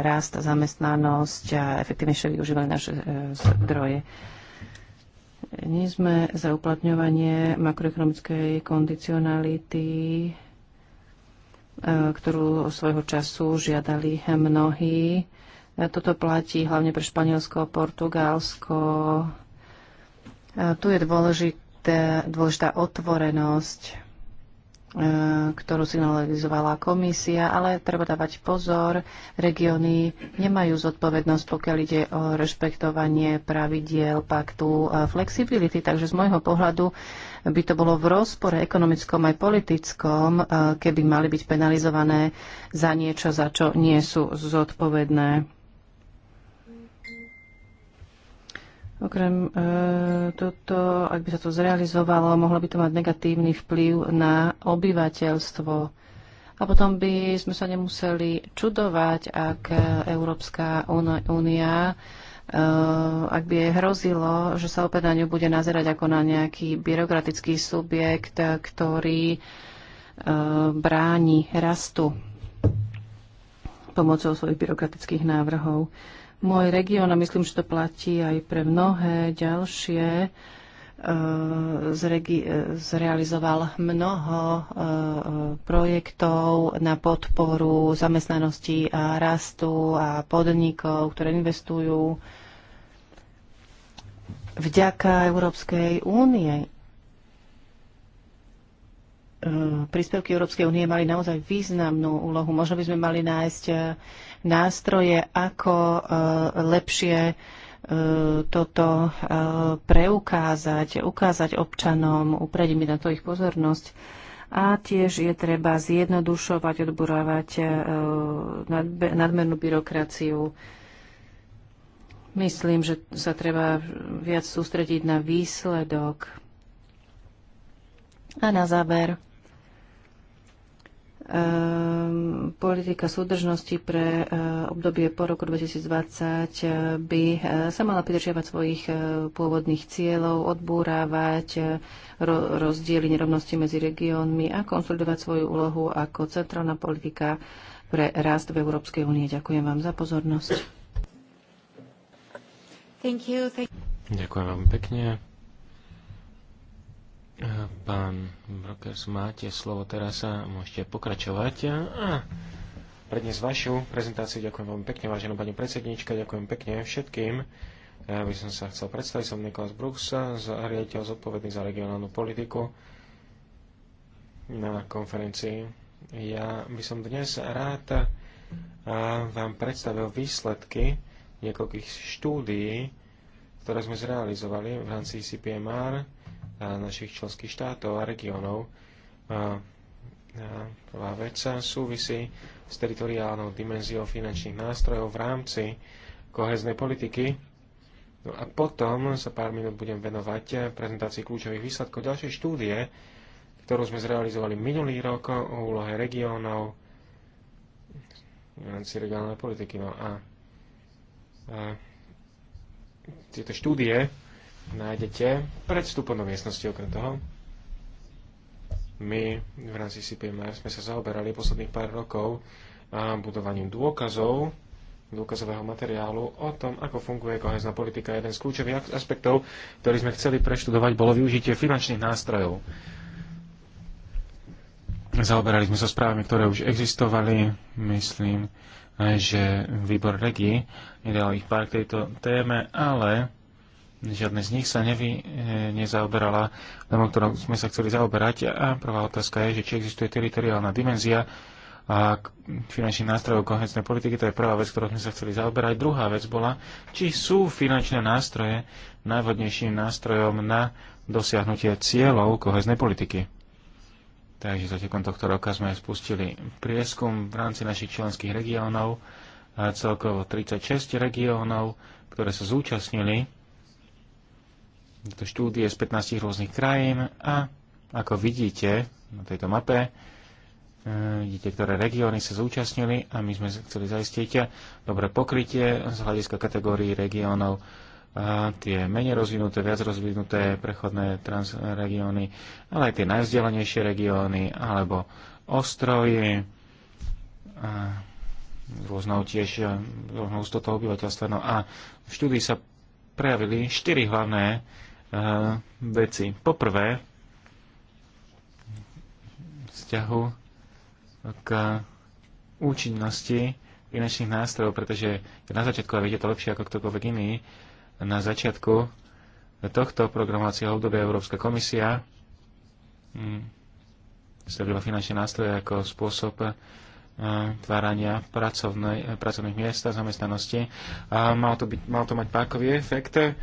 rast, zamestnanosť a efektívnejšie využívali naše zdroje. Nie sme za uplatňovanie makroekonomickej kondicionality, e, ktorú svojho času žiadali mnohí. E, toto platí hlavne pre Španielsko, Portugalsko. E, tu je dôležité, dôležitá otvorenosť E, ktorú signalizovala komisia, ale treba dávať pozor, regióny nemajú zodpovednosť, pokiaľ ide o rešpektovanie pravidiel paktu e, flexibility. Takže z môjho pohľadu by to bolo v rozpore ekonomickom aj politickom, e, keby mali byť penalizované za niečo, za čo nie sú zodpovedné. Okrem e, toto, ak by sa to zrealizovalo, mohlo by to mať negatívny vplyv na obyvateľstvo. A potom by sme sa nemuseli čudovať, ak Európska únia, e, ak by jej hrozilo, že sa opäť na ňu bude nazerať ako na nejaký byrokratický subjekt, ktorý e, bráni rastu pomocou svojich byrokratických návrhov. E, môj región a myslím, že to platí aj pre mnohé ďalšie, e, e, zrealizoval mnoho e, projektov na podporu zamestnanosti a rastu a podnikov, ktoré investujú vďaka Európskej únie, E, príspevky Európskej únie mali naozaj významnú úlohu. Možno by sme mali nájsť e, nástroje, ako e, lepšie toto preukázať, ukázať občanom, uprediť na to ich pozornosť. A tiež je treba zjednodušovať, odburávať nadmernú byrokraciu. Myslím, že sa treba viac sústrediť na výsledok. A na záver Ehm, politika súdržnosti pre eh, obdobie po roku 2020 eh, by eh, sa mala pridržiavať svojich pôvodných cieľov, odbúrávať rozdiely nerovnosti medzi regiónmi a konsolidovať svoju úlohu ako centrálna politika pre rast v Európskej únie. Ďakujem vám za pozornosť. Thank you, thank you. Ďakujem veľmi pekne. Pán Brokers, máte slovo teraz a môžete pokračovať. A prednes vašu prezentáciu ďakujem veľmi pekne, vážená pani predsednička, ďakujem pekne všetkým. Ja by som sa chcel predstaviť, som Nikolás Brooks, riaditeľ zodpovedný za regionálnu politiku na konferencii. Ja by som dnes rád vám predstavil výsledky niekoľkých štúdií, ktoré sme zrealizovali v rámci CPMR, našich členských štátov a regiónov. Prvá vec súvisí s teritoriálnou dimenziou finančných nástrojov v rámci koheznej politiky. No a potom sa pár minút budem venovať prezentácii kľúčových výsledkov ďalšej štúdie, ktorú sme zrealizovali minulý rok o úlohe regiónov v rámci regionálnej politiky. No a, a tieto štúdie nájdete pred vstupom do miestnosti okrem toho. My v rámci CPMR sme sa zaoberali posledných pár rokov a budovaním dôkazov, dôkazového materiálu o tom, ako funguje kohezná politika. Jeden z kľúčových aspektov, ktorý sme chceli preštudovať, bolo využitie finančných nástrojov. Zaoberali sme sa správami, ktoré už existovali. Myslím, že výbor Regi nedal ich pár k tejto téme, ale Žiadne z nich sa nevy, e, nezaoberala témou, ktorom sme sa chceli zaoberať. A prvá otázka je, že či existuje teritoriálna dimenzia a finančných nástrojov kohecnej politiky, to je prvá vec, ktorú sme sa chceli zaoberať. Druhá vec bola, či sú finančné nástroje najvodnejším nástrojom na dosiahnutie cieľov koheznej politiky. Takže zatekom tohto roka sme spustili prieskum v rámci našich členských regiónov, celkovo 36 regiónov, ktoré sa zúčastnili to štúdie z 15 rôznych krajín a ako vidíte na tejto mape, eh, vidíte, ktoré regióny sa zúčastnili a my sme chceli zaistiť dobré pokrytie z hľadiska kategórií regiónov, a tie menej rozvinuté, viac rozvinuté prechodné transregióny, ale aj tie najvzdelanejšie regióny alebo ostrovy, rôznou tiež rôznou ústotou obyvateľstva. No a v štúdii sa prejavili štyri hlavné veci. Poprvé, vzťahu k účinnosti finančných nástrojov, pretože na začiatku, a viete to lepšie ako ktokoľvek iný, na začiatku tohto programovacieho obdobia Európska komisia hm, stavila finančné nástroje ako spôsob hm, tvárania pracovných miest a zamestnanosti. A mal, to byť, mal to mať pákový efekt. A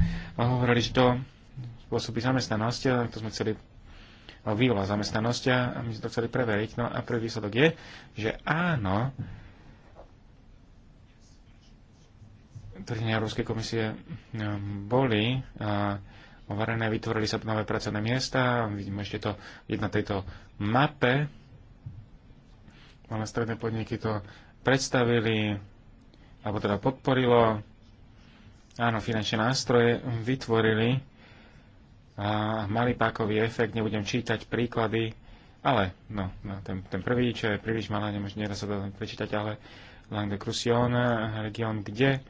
hovorili, že to spôsoby zamestnanosti to sme chceli no, vývola zamestnanosti a my sme to chceli preveriť. No a prvý výsledok je, že áno, tvrdenia Európskej komisie um, boli overené, vytvorili sa nové pracovné miesta, vidíme ešte to na tejto mape. ale stredné podniky to predstavili, alebo teda podporilo. Áno, finančné nástroje vytvorili a malý pákový efekt, nebudem čítať príklady, ale no, no ten, ten prvý, čo je príliš malé, nemôžem nieraz sa to prečítať, ale de Crucion, eh, región, kde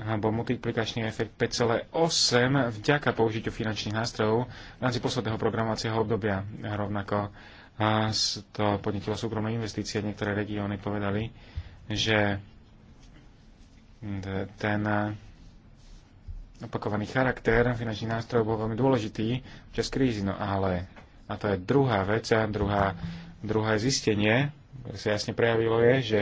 alebo multiplikačný efekt 5,8 vďaka použitiu finančných nástrojov v rámci posledného programovacieho obdobia. Rovnako to podnetilo súkromné investície. Niektoré regióny povedali, že ten opakovaný charakter finančných nástrojov bol veľmi dôležitý čas krízy, no ale a to je druhá vec a druhá, druhé zistenie, ktoré sa jasne prejavilo je, že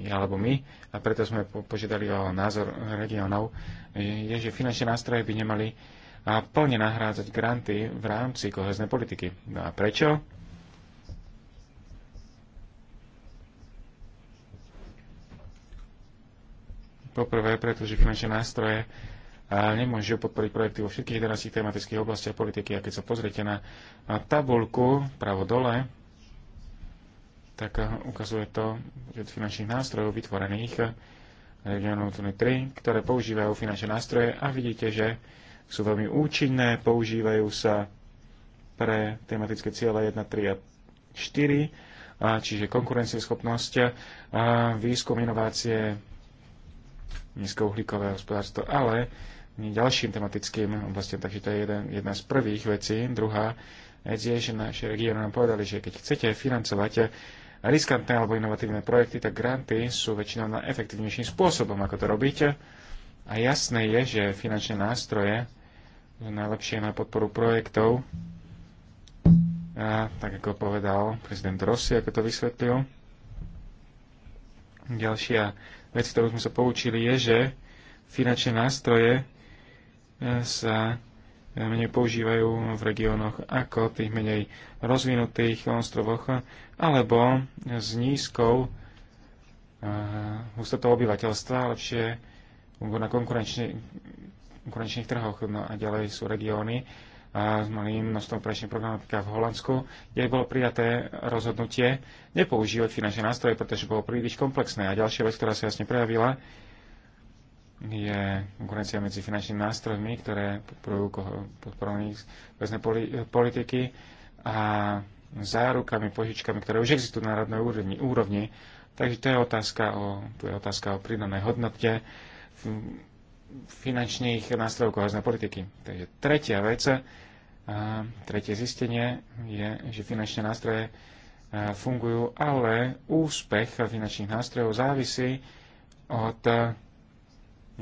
ja alebo my, a preto sme požiadali o názor regionov, je, že finančné nástroje by nemali plne nahrádzať granty v rámci koheznej politiky. No a prečo? Poprvé, pretože finančné nástroje nemôže podporiť projekty vo všetkých 11 tematických oblastiach politiky. A keď sa pozriete na tabulku pravo dole, tak eh, ukazuje to od finančných nástrojov vytvorených regionálnou 3, ktoré používajú finančné nástroje a vidíte, že sú veľmi účinné, používajú sa pre tematické ciele 1, 3 a 4, a čiže konkurencieschopnosť, eh, výskum, inovácie, nízkouhlíkové hospodárstvo, ale ďalším tematickým oblastiam. Takže to je jeden, jedna z prvých vecí. Druhá vec je, že naše regióny nám povedali, že keď chcete financovať riskantné alebo inovatívne projekty, tak granty sú väčšinou na efektívnejším spôsobom, ako to robíte. A jasné je, že finančné nástroje sú najlepšie na podporu projektov, a, tak ako povedal prezident Rossi, ako to vysvetlil. Ďalšia vec, ktorú sme sa poučili, je, že finančné nástroje sa menej používajú v regiónoch ako tých menej rozvinutých ostrovoch alebo s nízkou hustotou obyvateľstva, lepšie na konkurenčných, konkurenčných trhoch. No a ďalej sú regióny s malým množstvom prečných programatika v Holandsku, kde bolo prijaté rozhodnutie nepoužívať finančné nástroje, pretože bolo príliš komplexné. A ďalšia vec, ktorá sa jasne prejavila, je konkurencia medzi finančnými nástrojmi, ktoré podporujú podporovaných väzné eh, politiky a zárukami, požičkami, ktoré už existujú na národnej úrovni, úrovni. Takže to je otázka o, tu je otázka o pridanej hodnote finančných nástrojov kohezné politiky. Takže tretia vec, tretie zistenie je, že finančné nástroje fungujú, ale úspech finančných nástrojov závisí od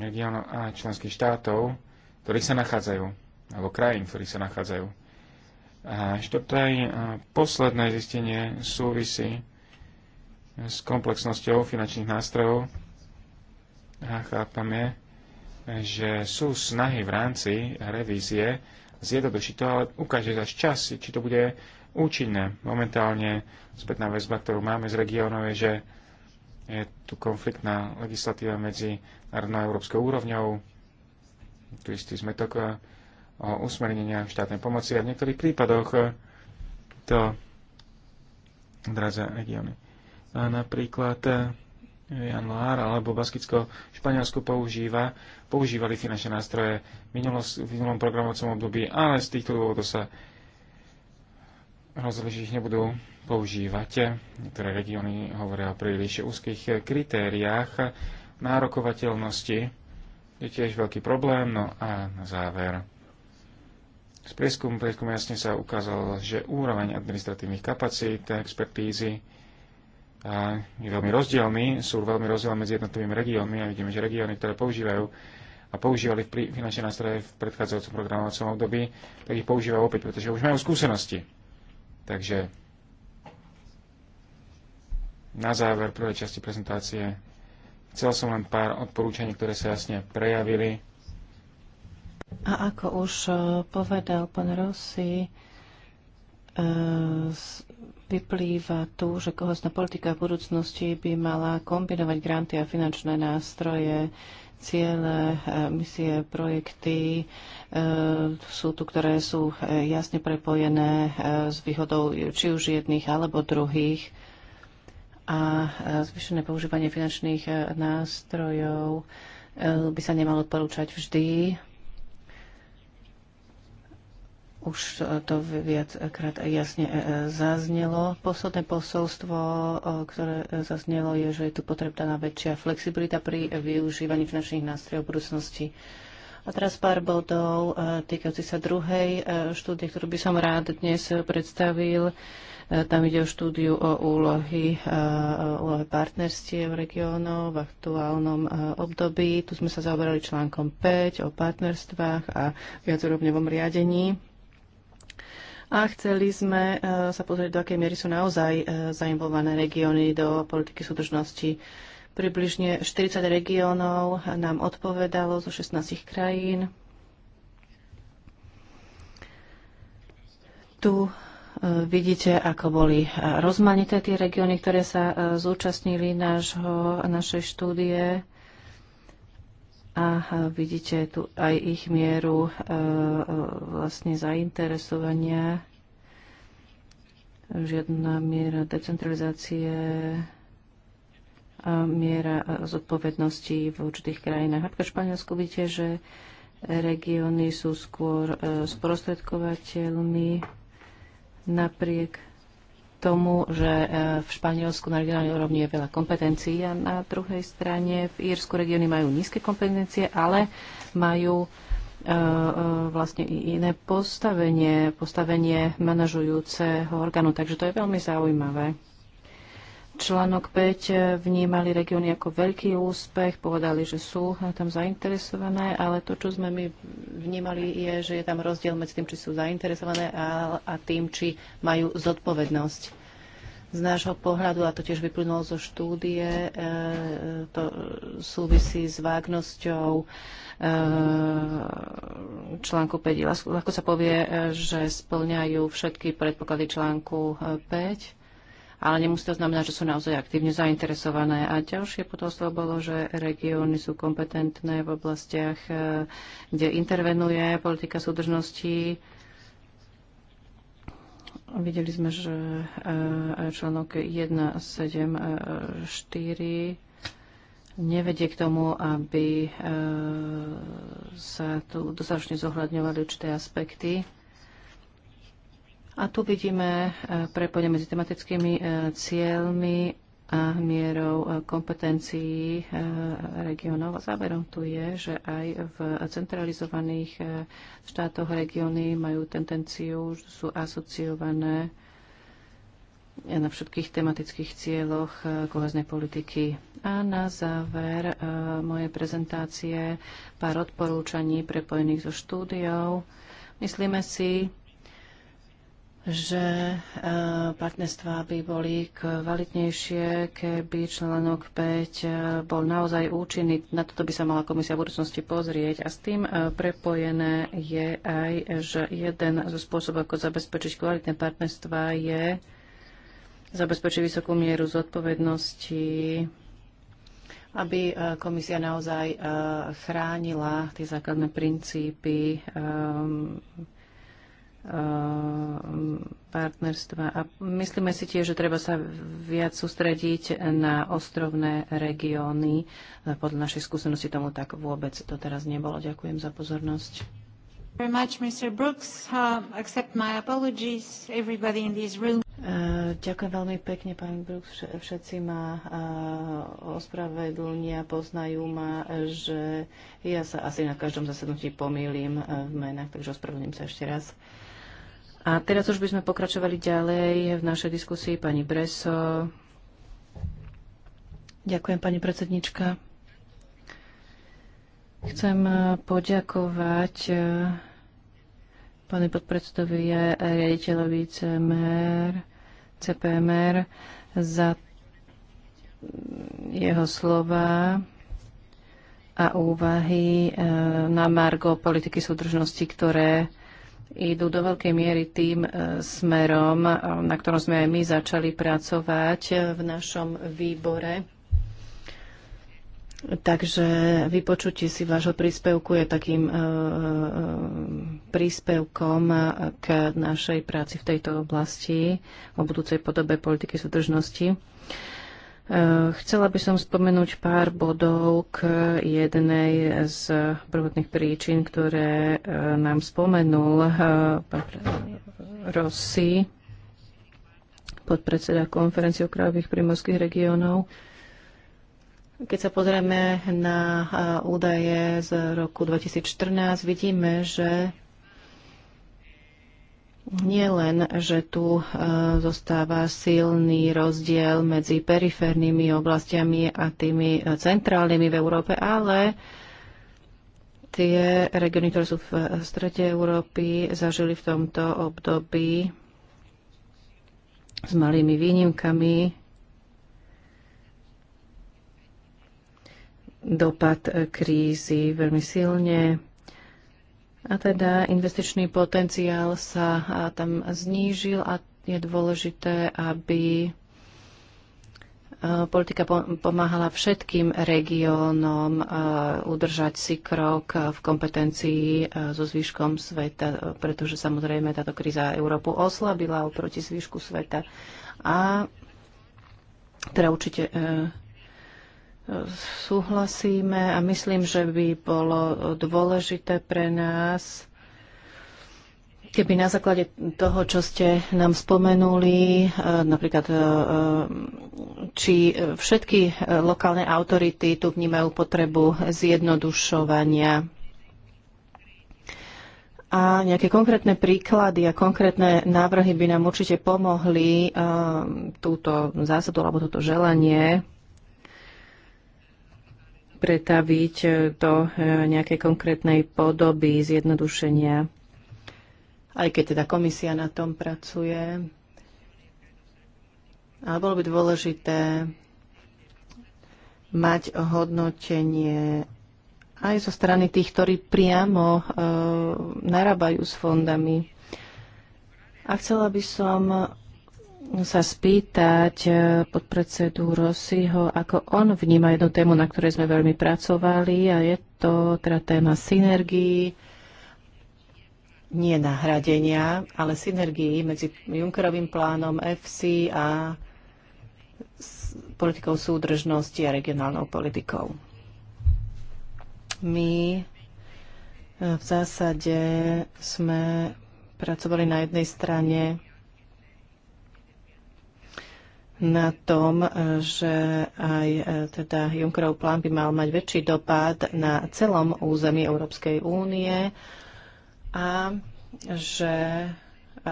regiónov a členských štátov, ktorí sa nachádzajú, alebo krajín, ktorých sa nachádzajú. A štvrté posledné zistenie súvisí s komplexnosťou finančných nástrojov a chápame, že sú snahy v rámci revízie zjednodušiť to, ale ukáže až čas, či to bude účinné. Momentálne spätná väzba, ktorú máme z regiónov, je, že je tu konfliktná legislatíva medzi na európskej úrovňou. Tu istý zmetok eh, o usmernenia štátnej pomoci a v niektorých prípadoch eh, to odráza regióny. A napríklad eh, Lár alebo Baskicko Španielsko používa, používali finančné nástroje v, minulos, v minulom programovacom období, ale z týchto dôvodov sa rozhodli, že ich nebudú používať. Niektoré regióny hovoria o príliš úzkých kritériách nárokovateľnosti je tiež veľký problém. No a na záver. Z prieskumu, prieskumu jasne sa ukázalo, že úroveň administratívnych kapacít, expertízy je veľmi rozdielný, sú veľmi rozdielne medzi jednotlivými regiónmi a vidíme, že regióny, ktoré používajú a používali finančné nástroje v predchádzajúcom programovacom období, tak ich používajú opäť, pretože už majú skúsenosti. Takže na záver prvej časti prezentácie Chcel som len pár odporúčaní, ktoré sa jasne prejavili. A ako už e, povedal pán Rossi, e, vyplýva tu, že kohostná politika v budúcnosti by mala kombinovať granty a finančné nástroje, ciele, e, misie, projekty. Sú tu, ktoré sú jasne prepojené s výhodou či už jedných alebo druhých a zvyšené používanie finančných e, nástrojov e, by sa nemalo odporúčať vždy. Už e, to viackrát jasne zaznelo. Posledné posolstvo, ktoré zaznelo, je, že je tu potrebná väčšia flexibilita pri využívaní finančných nástrojov v budúcnosti. A teraz pár bodov týkajúci sa druhej štúdie, ktorú by som rád dnes predstavil E, tam ide o štúdiu o úlohy, e, úlohe partnerstiev regiónov v aktuálnom e, období. Tu sme sa zaoberali článkom 5 o partnerstvách a viacúrovňovom riadení. A chceli sme sa pozrieť, do akej miery sú naozaj zainvolované regióny do politiky súdržnosti. Približne 40 regiónov nám odpovedalo zo 16 krajín. Tu Vidíte, ako boli e, rozmanité tie regióny, ktoré sa e, zúčastnili nášho, našej štúdie a e, vidíte tu aj ich mieru vlastne zainteresovania. Žiadna miera decentralizácie a miera zodpovednosti v určitých krajinách. Napríklad v Španielsku vidíte, že regióny sú skôr sprostredkovateľmi napriek tomu, že e, v Španielsku na regionálnej úrovni je veľa kompetencií a na druhej strane v Írsku regióny majú nízke kompetencie, ale majú e, e, vlastne i iné postavenie, postavenie manažujúceho orgánu. Takže to je veľmi zaujímavé článok 5 eh, vnímali regióny ako veľký úspech, povedali, že sú eh, tam zainteresované, ale to, čo sme my vnímali, je, že je tam rozdiel medzi tým, či sú zainteresované a, a tým, či majú zodpovednosť. Z nášho pohľadu, a to tiež vyplynulo zo štúdie, eh, to súvisí s vágnosťou článku 5. Ľahko sa povie, že splňajú všetky predpoklady článku 5 ale nemusí to znamenať, že sú naozaj aktívne zainteresované. A ďalšie potomstvo bolo, že regióny sú kompetentné v oblastiach, eh, kde intervenuje politika súdržnosti. Videli sme, že eh, článok 1.7.4 eh, nevedie k tomu, aby sa tu dostatočne zohľadňovali určité aspekty. A tu vidíme e, prepojenie medzi tematickými e, cieľmi a mierou e, kompetencií regionov. A záverom tu je, že aj v centralizovaných štátoch regióny majú tendenciu, že sú asociované na všetkých tematických cieľoch koheznej politiky. A na záver mojej prezentácie pár odporúčaní prepojených so štúdiou. Myslíme si, že e, partnerstvá by boli kvalitnejšie, keby článok 5 e, bol naozaj účinný. Na toto by sa mala komisia v budúcnosti pozrieť. A s tým e, prepojené je aj, že jeden zo spôsobov, ako zabezpečiť kvalitné partnerstvá, je zabezpečiť vysokú mieru zodpovednosti aby komisia naozaj chránila tie základné princípy Eh, partnerstva. A myslíme si tiež, že treba sa viac sústrediť na ostrovné regióny. Podľa našej skúsenosti tomu tak vôbec to teraz nebolo. Ďakujem za pozornosť. Uh, eh, ďakujem veľmi pekne, pán Brooks. Všetci ma eh, ospravedlnia, poznajú ma, že ja sa asi na každom zasadnutí pomýlim v menách, takže ospravedlním sa ešte raz. A teraz už by sme pokračovali ďalej v našej diskusii. Pani Breso. Ďakujem, pani predsednička. Chcem eh, poďakovať eh, pani podpredsedovi a riaditeľovi CMR, CPMR za jeho slova a úvahy eh, na margo politiky súdržnosti, ktoré idú do veľkej miery tým e, smerom, e, na ktorom sme aj my začali pracovať e, v našom výbore. Takže vypočutie si vášho príspevku je takým príspevkom k našej práci v tejto oblasti o budúcej podobe politiky súdržnosti. Eh, chcela by som spomenúť pár bodov k jednej z prvotných príčin, ktoré eh, nám spomenul eh, pán Rossi, podpredseda konferencie okrajových primorských regiónov. Keď sa pozrieme na údaje z roku 2014, vidíme, že nie len, že tu e, zostáva silný rozdiel medzi periférnymi oblastiami a tými e, centrálnymi v Európe, ale tie regióny, ktoré sú v e, strede Európy, zažili v tomto období s malými výnimkami dopad krízy veľmi silne a teda investičný potenciál sa tam znížil a je dôležité, aby e, politika pomáhala všetkým regiónom e, udržať si krok v kompetencii e, so zvyškom sveta, pretože samozrejme táto kríza Európu oslabila oproti zvyšku sveta. A teda určite súhlasíme a myslím, že by bolo dôležité pre nás, keby na základe toho, čo ste nám spomenuli, eh, napríklad eh, či všetky lokálne autority tu vnímajú potrebu zjednodušovania a nejaké konkrétne príklady a konkrétne návrhy by nám určite pomohli eh, túto zásadu alebo toto želanie pretaviť e, do e, nejakej konkrétnej podoby zjednodušenia. Aj keď teda komisia na tom pracuje. Ale bolo by dôležité mať hodnotenie aj zo strany tých, ktorí priamo e, narábajú s fondami. A chcela by som sa spýtať e, podpredsedu Rosiho, ako on vníma jednu tému, na ktorej sme veľmi pracovali a je to teda téma synergií, nie nahradenia, ale synergii medzi Junckerovým plánom FC a politikou súdržnosti a regionálnou politikou. My e, v zásade sme pracovali na jednej strane na tom, e, že aj e, teda Junckerov plán by mal mať väčší dopad na celom území Európskej únie a že e,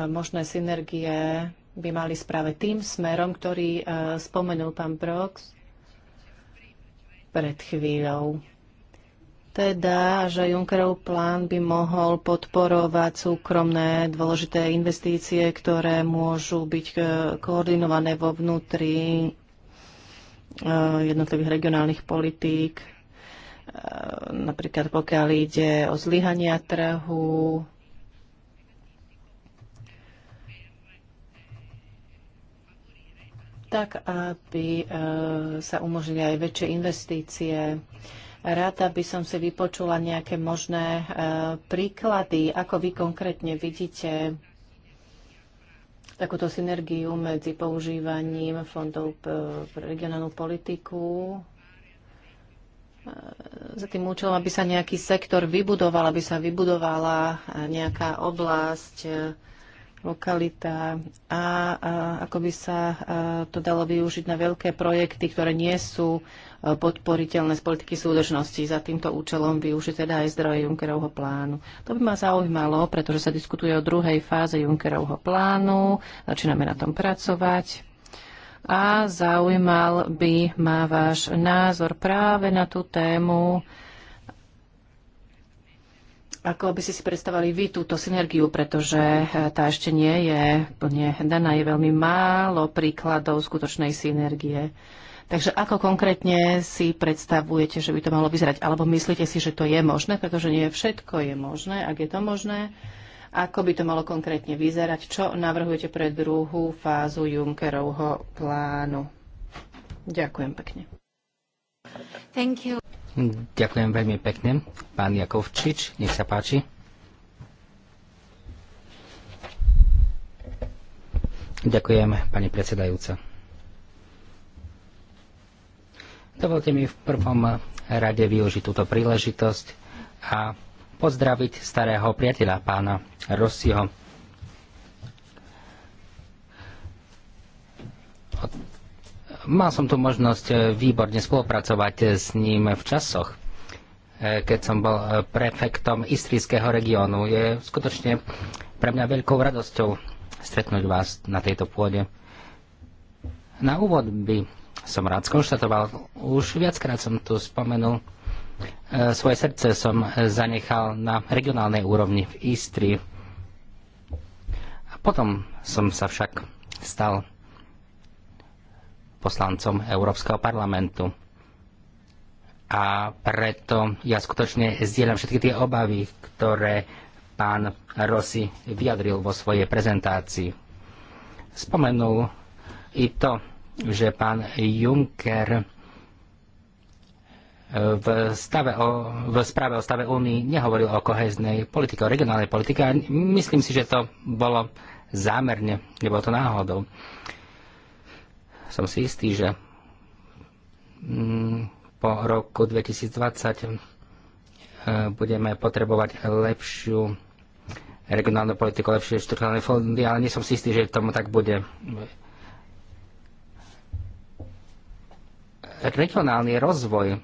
možné synergie by mali správe tým smerom, ktorý spomenul pán Brox pred chvíľou teda, že Junckerov plán by mohol podporovať súkromné dôležité investície, ktoré môžu byť e, koordinované vo vnútri e, jednotlivých regionálnych politík, e, napríklad pokiaľ ide o zlyhania trhu, tak aby sa umožnili aj väčšie investície. Rada by som si vypočula nejaké možné e, príklady, ako vy konkrétne vidíte takúto synergiu medzi používaním fondov pre regionálnu politiku e, za tým účelom, aby sa nejaký sektor vybudoval, aby sa vybudovala nejaká oblasť e, lokalita a, a ako by sa to dalo využiť na veľké projekty, ktoré nie sú e, podporiteľné z politiky súdržnosti. Za týmto účelom využiť teda aj zdroje Junckerovho plánu. To by ma zaujímalo, pretože sa diskutuje o druhej fáze Junckerovho plánu. Začíname na tom pracovať. A zaujímal by ma váš názor práve na tú tému, ako by ste si predstavali vy túto synergiu, pretože eh, tá ešte nie je plne daná, je veľmi málo príkladov skutočnej synergie. Takže ako konkrétne si predstavujete, že by to malo vyzerať? Alebo myslíte si, že to je možné? Pretože nie všetko je možné. Ak je to možné, ako by to malo konkrétne vyzerať? Čo navrhujete pre druhú fázu Junckerovho plánu? Ďakujem pekne. Thank you. Ďakujem veľmi pekne. Pán Jakovčič, nech sa páči. Ďakujem, pani predsedajúca. Dovolte mi v prvom rade využiť túto príležitosť a pozdraviť starého priateľa pána Rossiho. Mal som tu možnosť e, výborne spolupracovať e, s ním v časoch, e, keď som bol prefektom istrijského regiónu. Je skutočne pre mňa veľkou radosťou stretnúť vás na tejto pôde. Na úvod by som rád skonštatoval, už viackrát som tu spomenul, svoje srdce som zanechal na regionálnej úrovni v Istrii. A potom som sa však stal poslancom Európskeho parlamentu. A preto ja skutočne zdieľam všetky tie obavy, ktoré pán Rossi vyjadril vo svojej prezentácii. Spomenul i to, že pán Juncker v, stave o, v správe o stave únii nehovoril o koheznej politike, o regionálnej politike a myslím si, že to bolo zámerne, nebolo to náhodou som si istý, že mm, po roku 2020 eh, budeme potrebovať lepšiu regionálnu politiku, lepšie štruktúrne fondy, ale nie som si istý, že tomu tak bude. Regionálny rozvoj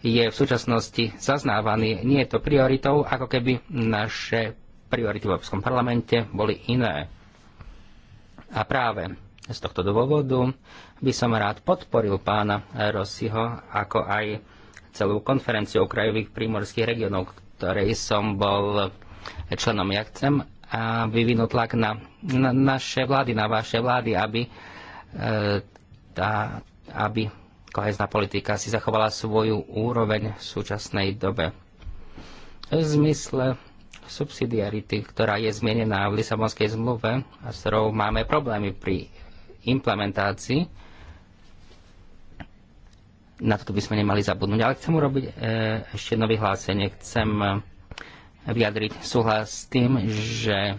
je v súčasnosti zaznávaný. Nie je to prioritou, ako keby naše priority v Európskom parlamente boli iné. A práve z tohto dôvodu by som rád podporil pána Rossiho, ako aj celú konferenciu krajových prímorských regionov, ktorej som bol členom. Ja chcem vyvinúť tlak na, na naše vlády, na vaše vlády, aby, e, tá, aby kohezná politika si zachovala svoju úroveň v súčasnej dobe. V zmysle subsidiarity, ktorá je zmienená v Lisabonskej zmluve, a s ktorou máme problémy pri implementácii. Na toto by sme nemali zabudnúť. Ale chcem urobiť e, ešte jedno vyhlásenie. Chcem e, vyjadriť súhlas s tým, že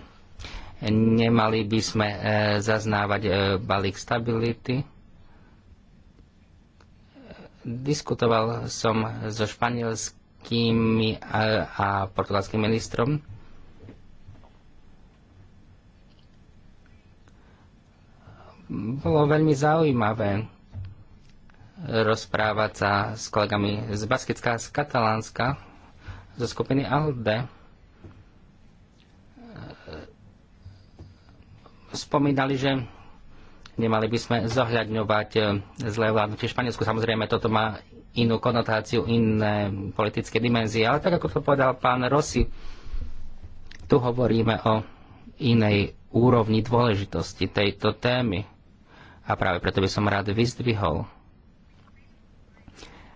nemali by sme e, zaznávať balík stability. Diskutoval som so španielským španielskými a, a portugalským ministrom bolo veľmi zaujímavé rozprávať sa s kolegami z Baskická z Katalánska zo skupiny ALDE. Spomínali, že nemali by sme zohľadňovať eh, zlé vládnutie Španielsku. Samozrejme, toto má inú konotáciu, iné politické dimenzie. Ale tak, ako to povedal pán Rossi, tu hovoríme o inej úrovni dôležitosti tejto témy a práve preto by som rád vyzdvihol,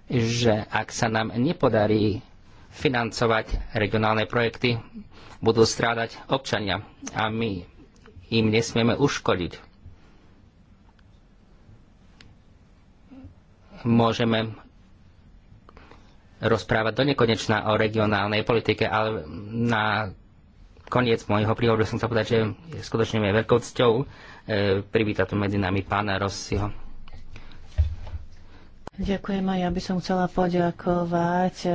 že ak sa nám nepodarí financovať regionálne projekty, budú strádať občania a my im nesmieme uškodiť. Môžeme rozprávať do nekonečna o regionálnej politike, ale na koniec môjho príhodu som sa povedať, že skutočne mi veľkou cťou e, privítať tu medzi nami pána Rossiho. Ďakujem a ja by som chcela poďakovať e,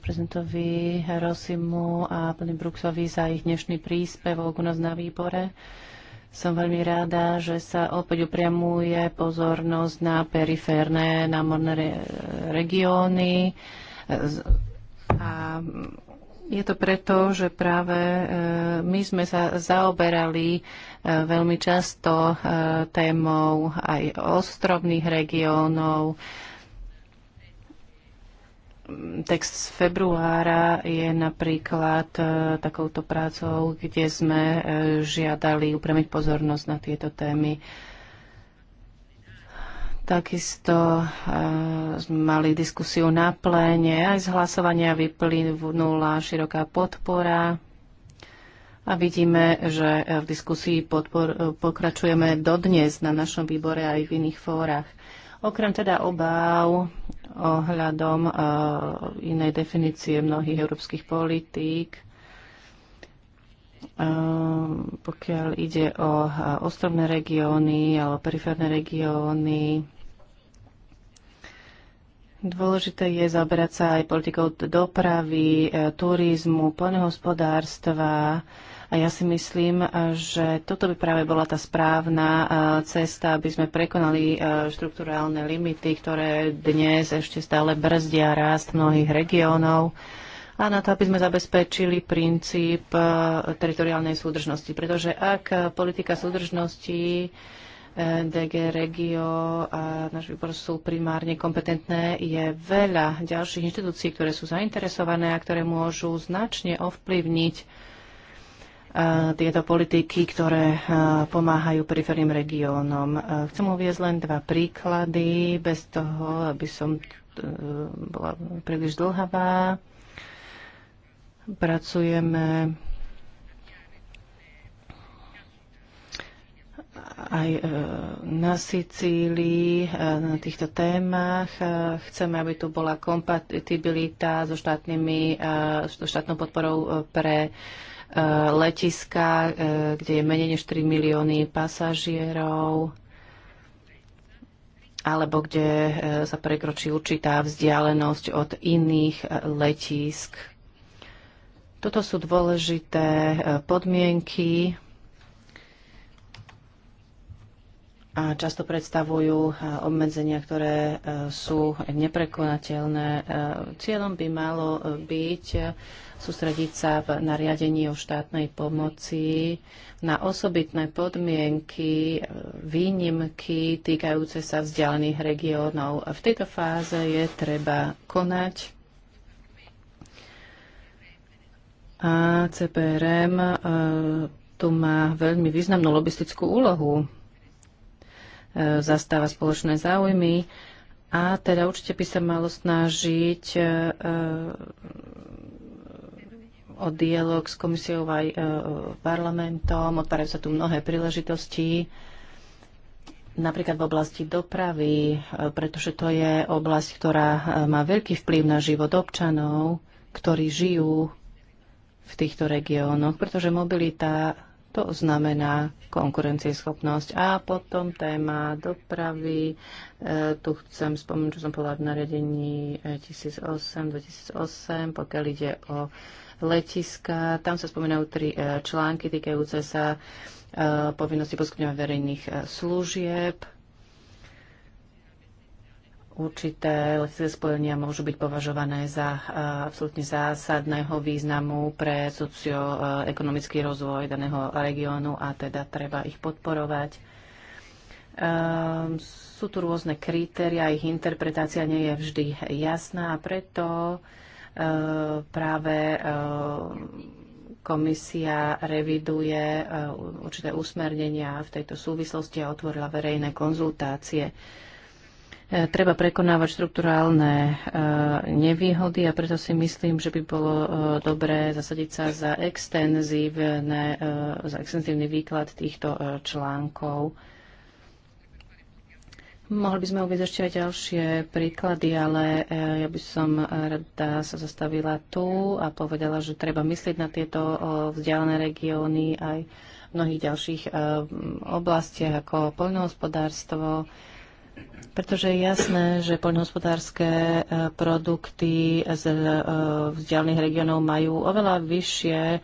prezidentovi Rosimu a pani Bruxovi za ich dnešný príspevok u nás na výbore. Som veľmi rada, že sa opäť upriamuje pozornosť na periférne námorné regióny e, a je to preto, že práve e, my sme sa zaoberali e, veľmi často e, témou aj ostrovných regiónov. Text z februára je napríklad takouto prácou, kde sme žiadali upremiť pozornosť na tieto témy. Takisto e, mali diskusiu na pléne, aj z hlasovania vyplynula široká podpora a vidíme, že eh, v diskusii podpor, pokračujeme dodnes na našom výbore aj v iných fórach. Okrem teda obáv ohľadom e, inej definície mnohých európskych politík, pokiaľ ide o ostrovné regióny alebo periférne regióny, Dôležité je zaberať sa aj politikou dopravy, e, turizmu, poľnohospodárstva. A ja si myslím, e, že toto by práve bola tá správna e, cesta, aby sme prekonali štruktúrálne limity, ktoré dnes ešte stále brzdia rast mnohých regiónov a na to, aby sme zabezpečili princíp teritoriálnej súdržnosti. Pretože ak politika súdržnosti DG Regio a náš výbor sú primárne kompetentné, je veľa ďalších inštitúcií, ktoré sú zainteresované a ktoré môžu značne ovplyvniť tieto politiky, ktoré pomáhajú periférnym regiónom. Chcem uviezť len dva príklady, bez toho, aby som e, bola príliš dlhavá. Pracujeme aj e, na Sicílii e, na týchto témach. E, chceme, aby tu bola kompatibilita so, štátnymi, so štátnou podporou pre letiska, kde je menej než 3 milióny pasažierov alebo kde sa prekročí určitá vzdialenosť od iných letísk. Toto sú dôležité podmienky a často predstavujú e, obmedzenia, ktoré e, sú neprekonateľné. E, cieľom by malo byť sústrediť sa v nariadení o štátnej pomoci na osobitné podmienky, výnimky týkajúce sa vzdialených regiónov. V tejto fáze je treba konať a CPRM tu má veľmi významnú lobistickú úlohu zastáva spoločné záujmy. A teda určite by sa malo snažiť e, e, o dialog s komisiou aj e, parlamentom. Otvárajú sa tu mnohé príležitosti, napríklad v oblasti dopravy, pretože to je oblasť, ktorá má veľký vplyv na život občanov, ktorí žijú v týchto regiónoch, pretože mobilita to znamená konkurencieschopnosť. A potom téma dopravy. E, tu chcem spomenúť, čo som povedala v nariadení 2008 e, 2008 pokiaľ ide o letiska. Tam sa spomínajú tri e, články týkajúce sa e, povinnosti poskytovania verejných služieb Určité letecké spojenia môžu byť považované za e, absolútne zásadného významu pre socioekonomický rozvoj daného regiónu a teda treba ich podporovať. E, sú tu rôzne kritéria, ich interpretácia nie je vždy jasná a preto e, práve komisia reviduje určité usmernenia v tejto súvislosti a otvorila verejné konzultácie. E, treba prekonávať štruktúrálne e, nevýhody a preto si myslím, že by bolo e, dobré zasadiť sa za, extenzívne, za extenzívny výklad týchto článkov. Mohli by sme uvieť ešte aj ďalšie príklady, ale ja by som rada sa zastavila tu a povedala, že treba myslieť na tieto vzdialené regióny aj v mnohých ďalších oblastiach ako poľnohospodárstvo, pretože je jasné, že poľnohospodárske e, produkty e, z vzdialených regiónov majú oveľa vyššie e,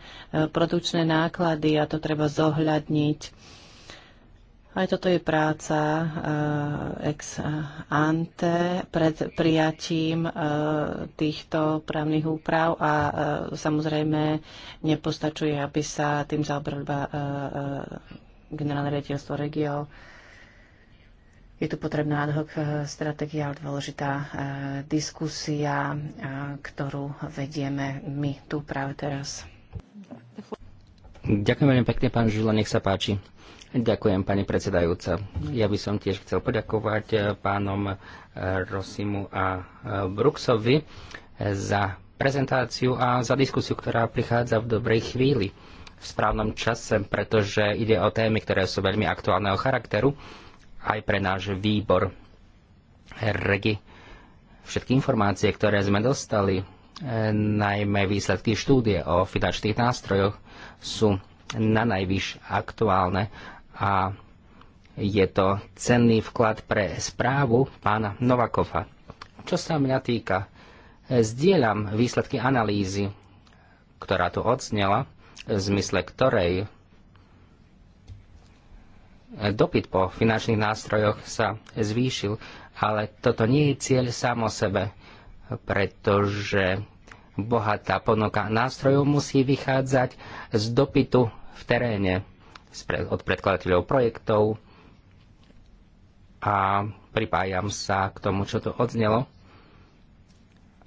produkčné náklady a to treba zohľadniť. Aj toto je práca ex ante pred prijatím týchto právnych úprav a samozrejme nepostačuje, aby sa tým zaoberal generálne riaditeľstvo regio je tu potrebná ad hoc eh, stratégia, ale dôležitá eh, diskusia, eh, ktorú vedieme my tu práve teraz. Ďakujem veľmi pekne, pán Žula, nech sa páči. Ďakujem, pani predsedajúca. Ja by som tiež chcel poďakovať pánom Rosimu a Bruxovi za prezentáciu a za diskusiu, ktorá prichádza v dobrej chvíli, v správnom čase, pretože ide o témy, ktoré sú veľmi aktuálneho charakteru aj pre náš výbor REGI. Všetky informácie, ktoré sme dostali, e, najmä výsledky štúdie o finančných nástrojoch, sú na najvyš aktuálne a je to cenný vklad pre správu pána Novakova. Čo sa mňa týka, e, zdieľam výsledky analýzy, ktorá tu odznela, v zmysle ktorej dopyt po finančných nástrojoch sa zvýšil, ale toto nie je cieľ sám o sebe, pretože bohatá ponuka nástrojov musí vychádzať z dopytu v teréne od predkladateľov projektov a pripájam sa k tomu, čo tu odznelo.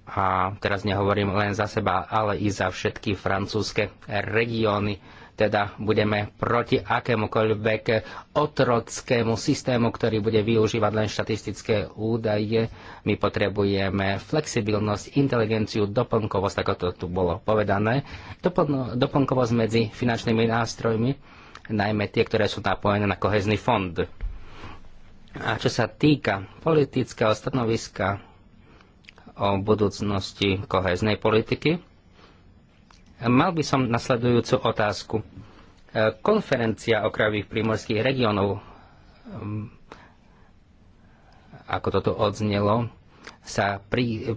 A teraz nehovorím len za seba, ale i za všetky francúzske regióny teda budeme proti akémukoľvek otrockému systému, ktorý bude využívať len štatistické údaje. My potrebujeme flexibilnosť, inteligenciu, doplnkovosť, ako to tu bolo povedané. Dopln- doplnkovosť medzi finančnými nástrojmi, najmä tie, ktoré sú napojené na kohezný fond. A čo sa týka politického stanoviska o budúcnosti koheznej politiky, Mal by som nasledujúcu otázku. E, konferencia okrajových prímorských regiónov, mm, ako toto odznelo, sa pri,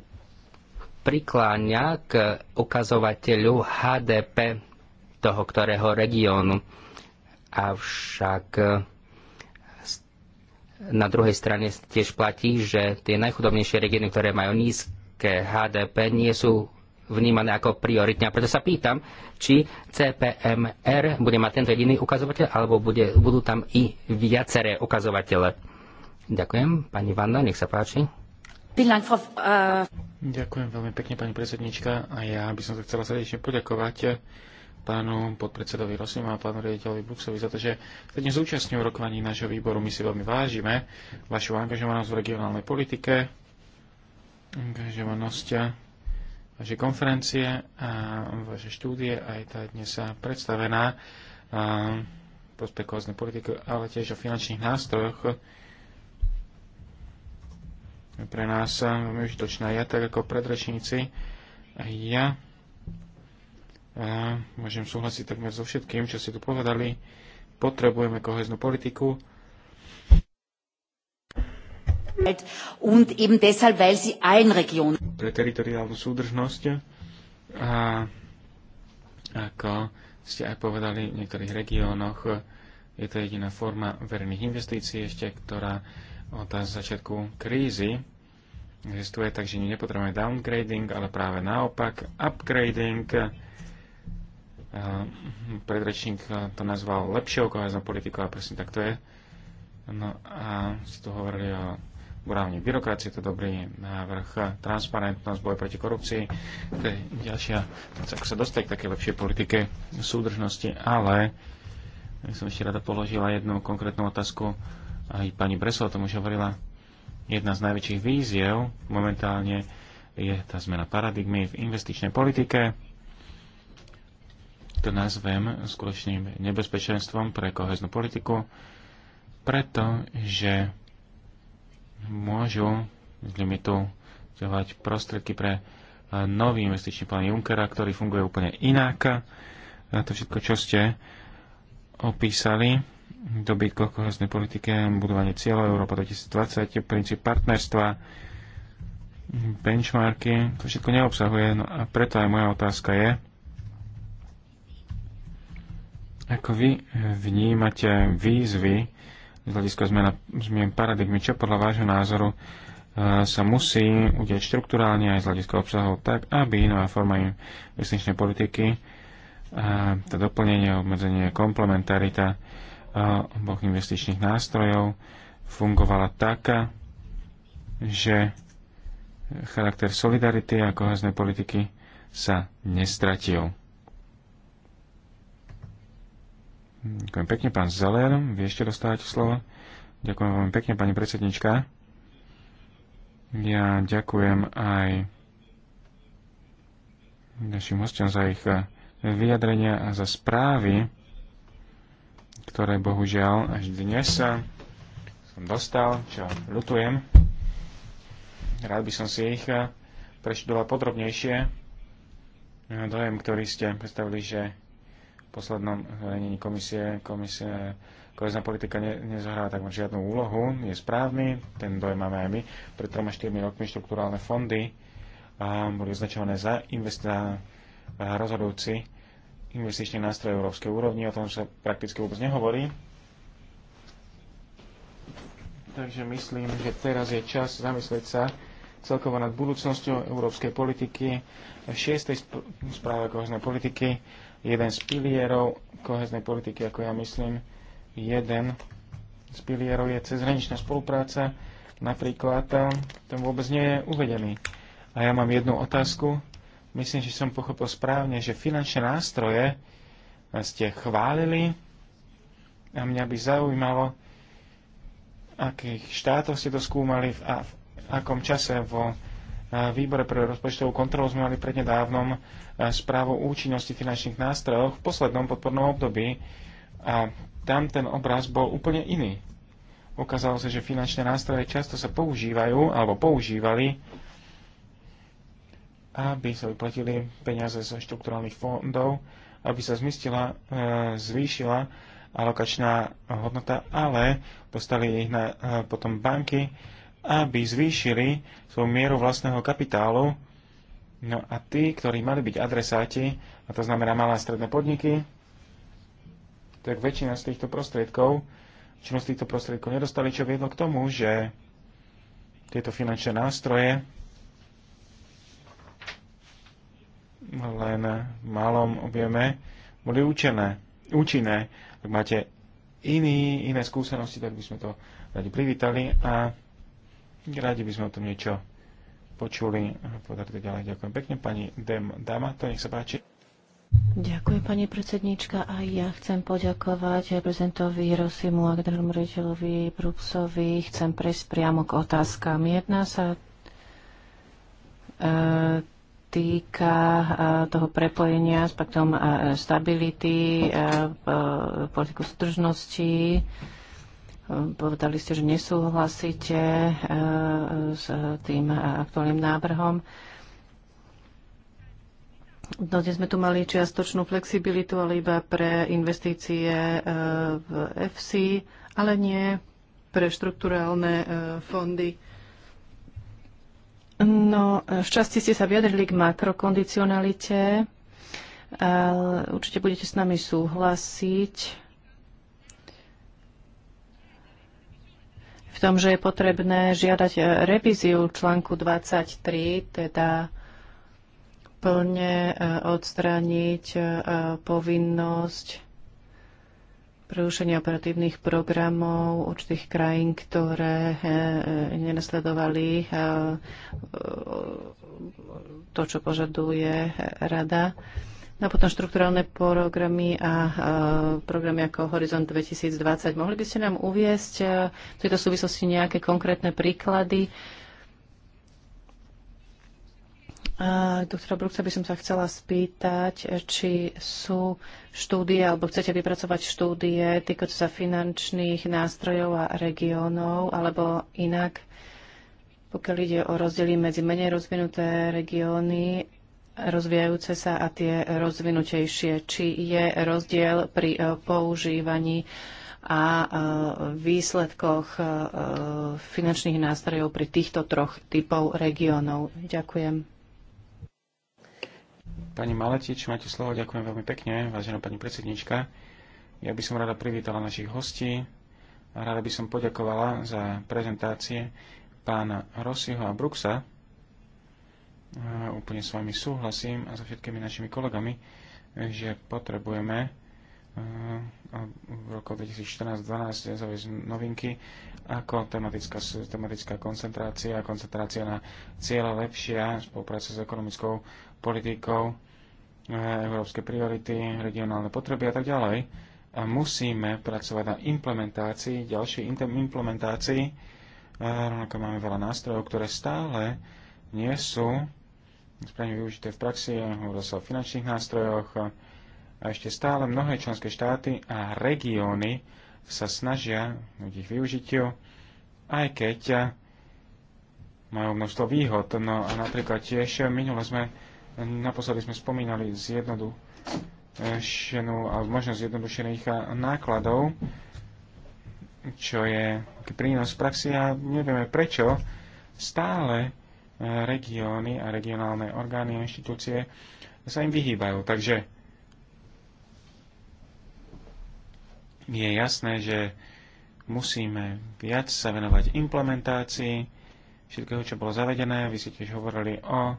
prikláňa k ukazovateľu HDP toho ktorého regiónu. Avšak e, na druhej strane tiež platí, že tie najchudobnejšie regióny, ktoré majú nízke HDP, nie sú vnímané ako prioritne. A preto sa pýtam, či CPMR bude mať tento jediný ukazovateľ, alebo bude, budú tam i viaceré ukazovatele. Ďakujem. Pani Vanda, nech sa páči. Äh, Ďakujem veľmi pekne, pani predsednička. A ja by som sa chcela srdečne poďakovať pánu podpredsedovi Rosima a pánu riaditeľovi Buxovi za to, že sa dnes zúčastňujú rokovaní nášho výboru. My si veľmi vážime vašu angažovanosť v regionálnej politike, angažovanosť vaše konferencie a vaše štúdie, aj tá dnes sa predstavená prospekovaznej politiky, ale tiež o finančných nástrojoch pre nás veľmi užitočná. Ja tak ako predrečníci, ja a môžem súhlasiť takmer so všetkým, čo ste tu povedali. Potrebujeme koheznú politiku, Und eben deshalb, weil sie allen Regionen... Pre teritoriálnu súdržnosť a ako ste aj povedali, v niektorých regiónoch je to jediná forma verejných investícií ešte, ktorá od začiatku krízy existuje, takže nepotrebujeme downgrading, ale práve naopak upgrading. Predrečník to nazval lepšou koheznou politikou a presne tak to je. No a ste tu hovorili o úrovni byrokracie, to je dobrý návrh, transparentnosť, boj proti korupcii, to je ďalšia vec, ako sa dostať k takej lepšej politike súdržnosti, ale ja som ešte rada položila jednu konkrétnu otázku, aj pani Breso o tom už hovorila, jedna z najväčších víziev momentálne je tá zmena paradigmy v investičnej politike, to nazvem skutočným nebezpečenstvom pre koheznú politiku, pretože môžu z limitu ťahovať prostriedky pre nový investičný plán Junckera, ktorý funguje úplne inak. na to všetko, čo ste opísali, dobytko kohezné politike, budovanie cieľov Európa 2020, princíp partnerstva, benchmarky, to všetko neobsahuje. No a preto aj moja otázka je, ako vy vnímate výzvy z hľadiska zmena, zmien paradigmy, čo podľa vášho názoru e, sa musí udiať štruktúrálne aj z hľadiska obsahov tak, aby nová forma investičnej politiky a e, to doplnenie, obmedzenie, komplementarita e, oboch investičných nástrojov fungovala tak, že charakter solidarity a kohezné politiky sa nestratil. Ďakujem pekne, pán Zeler. Vy ešte dostávate slovo. Ďakujem veľmi pekne, pani predsednička. Ja ďakujem aj našim hostom za ich eh, vyjadrenia a za správy, ktoré bohužiaľ až dnes eh, som dostal, čo ľutujem. Rád by som si ich eh, preštudoval podrobnejšie. Dojem, ktorý ste predstavili, že poslednom zverejnení komisie, komisie kohezná politika ne, nezohrá takmer žiadnu úlohu, je správny, ten dojem máme aj my. Pred 3-4 rokmi štruktúrálne fondy a, boli označované za investa, rozhodujúci investičný nástroj európskej úrovni, o tom sa prakticky vôbec nehovorí. Takže myslím, že teraz je čas zamyslieť sa celkovo nad budúcnosťou európskej politiky. V šiestej správe kohezné politiky jeden z pilierov koheznej politiky, ako ja myslím, jeden z pilierov je cezhraničná spolupráca, napríklad eh, tam vôbec nie je uvedený. A ja mám jednu otázku. Myslím, že som pochopil správne, že finančné nástroje eh, ste chválili a mňa by zaujímalo, akých štátov ste to skúmali a v akom čase vo výbore pre rozpočtovú kontrolu sme mali prednedávnom e, správu účinnosti finančných nástrojov v poslednom podpornom období a tam ten obraz bol úplne iný. Ukázalo sa, že finančné nástroje často sa používajú alebo používali, aby sa vyplatili peniaze zo štrukturálnych fondov, aby sa zmistila, e, zvýšila alokačná hodnota, ale dostali ich na, e, potom banky, aby zvýšili svoju mieru vlastného kapitálu. No a tí, ktorí mali byť adresáti, a to znamená malé a stredné podniky, tak väčšina z týchto prostriedkov, väčšinu z týchto prostriedkov nedostali, čo viedlo k tomu, že tieto finančné nástroje len v malom objeme boli účené, účinné. Ak máte iný, iné skúsenosti, tak by sme to radi privítali a Radi by sme o tom niečo počuli. to ďalej. Ďakujem pekne. Pani Dem Dama, to nech sa páči. Ďakujem, pani predsednička. A ja chcem poďakovať prezentovi Rosimu a generálnemu riaditeľovi Brupsovi. Chcem prejsť priamo k otázkam. Jedna sa e, týka e, toho prepojenia s paktom e, stability, e, politiku súdržnosti. Ehm, povedali ste, že nesúhlasíte ehm, s tým e, aktuálnym návrhom. No, dnes sme tu mali čiastočnú flexibilitu, ale iba pre investície e, v FC, ale nie pre štrukturálne e, fondy. No, v časti ste sa vyjadrili k makrokondicionalite. Určite budete s nami súhlasiť v tom, že je potrebné žiadať e, revíziu článku 23, teda plne e, odstrániť e, povinnosť prerušenia operatívnych programov určitých krajín, ktoré nenasledovali to, čo požaduje rada. No potom štrukturálne programy a programy ako Horizont 2020. Mohli by ste nám uviesť e, v tejto súvislosti nejaké konkrétne príklady? Doktora Brukca by som sa chcela spýtať, e, či sú štúdie, alebo chcete vypracovať štúdie týkajúce sa finančných nástrojov a regiónov, alebo inak, pokiaľ ide o rozdiely medzi menej rozvinuté regióny rozvíjajúce sa a tie rozvinutejšie. Či je rozdiel pri e, používaní a e, výsledkoch e, finančných nástrojov pri týchto troch typov regiónov. Ďakujem. Pani Maletič, máte slovo, ďakujem veľmi pekne, vážená pani predsednička. Ja by som rada privítala našich hostí a rada by som poďakovala za prezentácie pána Rossiho a Bruxa, úplne s vami súhlasím a so všetkými našimi kolegami, že potrebujeme e, v roku 2014-2012 zaviesť novinky ako tematická, tematická koncentrácia, koncentrácia na cieľa lepšia, spolupráca s ekonomickou politikou, e, európske priority, regionálne potreby a tak ďalej. A musíme pracovať na implementácii, ďalšej implementácii, e, rovnako máme veľa nástrojov, ktoré stále nie sú správne využité v praxi, hovorí sa o finančných nástrojoch a ešte stále mnohé členské štáty a regióny sa snažia o ich využitiu, aj keď majú množstvo výhod. No a napríklad tiež minule sme, naposledy sme spomínali zjednodušenú a možnosť zjednodušených nákladov, čo je prínos v praxi a nevieme prečo stále regióny a regionálne orgány a inštitúcie sa im vyhýbajú. Takže je jasné, že musíme viac sa venovať implementácii všetkého, čo bolo zavedené. Vy ste tiež hovorili o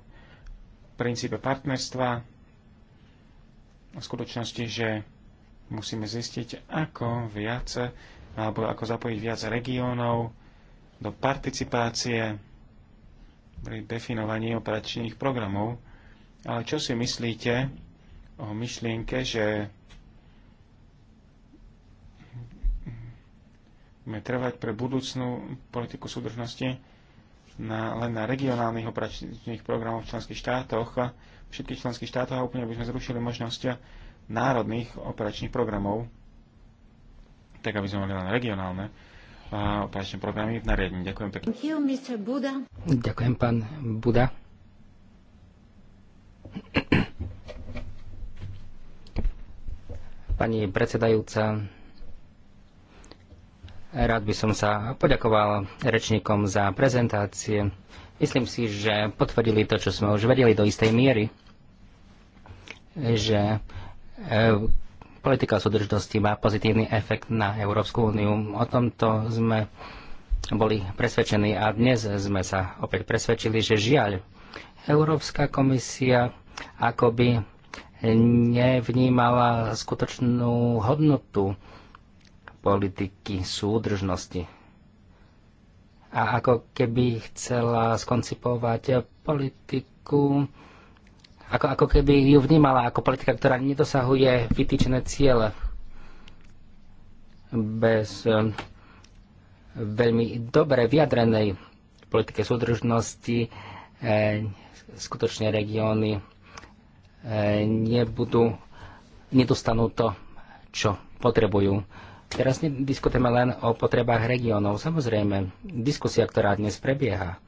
princípe partnerstva, a skutočnosti, že musíme zistiť, ako viac alebo ako zapojiť viac regiónov do participácie pri definovaní operačných programov. Ale čo si myslíte o myšlienke, že budeme trvať pre budúcnú politiku súdržnosti na, len na regionálnych operačných programoch v členských štátoch, všetkých členských štátoch a úplne by sme zrušili možnosť národných operačných programov, tak aby sme mali len regionálne operačné programy v nariadení. Ďakujem pekne. Ďakujem, pán Buda. Pani predsedajúca, rád by som sa poďakoval rečníkom za prezentácie. Myslím si, že potvrdili to, čo sme už vedeli do istej miery, že e, politika súdržnosti má pozitívny efekt na Európsku úniu. O tomto sme boli presvedčení a dnes sme sa opäť presvedčili, že žiaľ, Európska komisia akoby nevnímala skutočnú hodnotu politiky súdržnosti. A ako keby chcela skoncipovať politiku, ako, ako keby ju vnímala ako politika, ktorá nedosahuje vytýčené ciele bez um, veľmi dobre vyjadrenej politike súdržnosti e, skutočne regióny e, nebudú, nedostanú to, čo potrebujú. Teraz diskutujeme len o potrebách regiónov. Samozrejme, diskusia, ktorá dnes prebieha,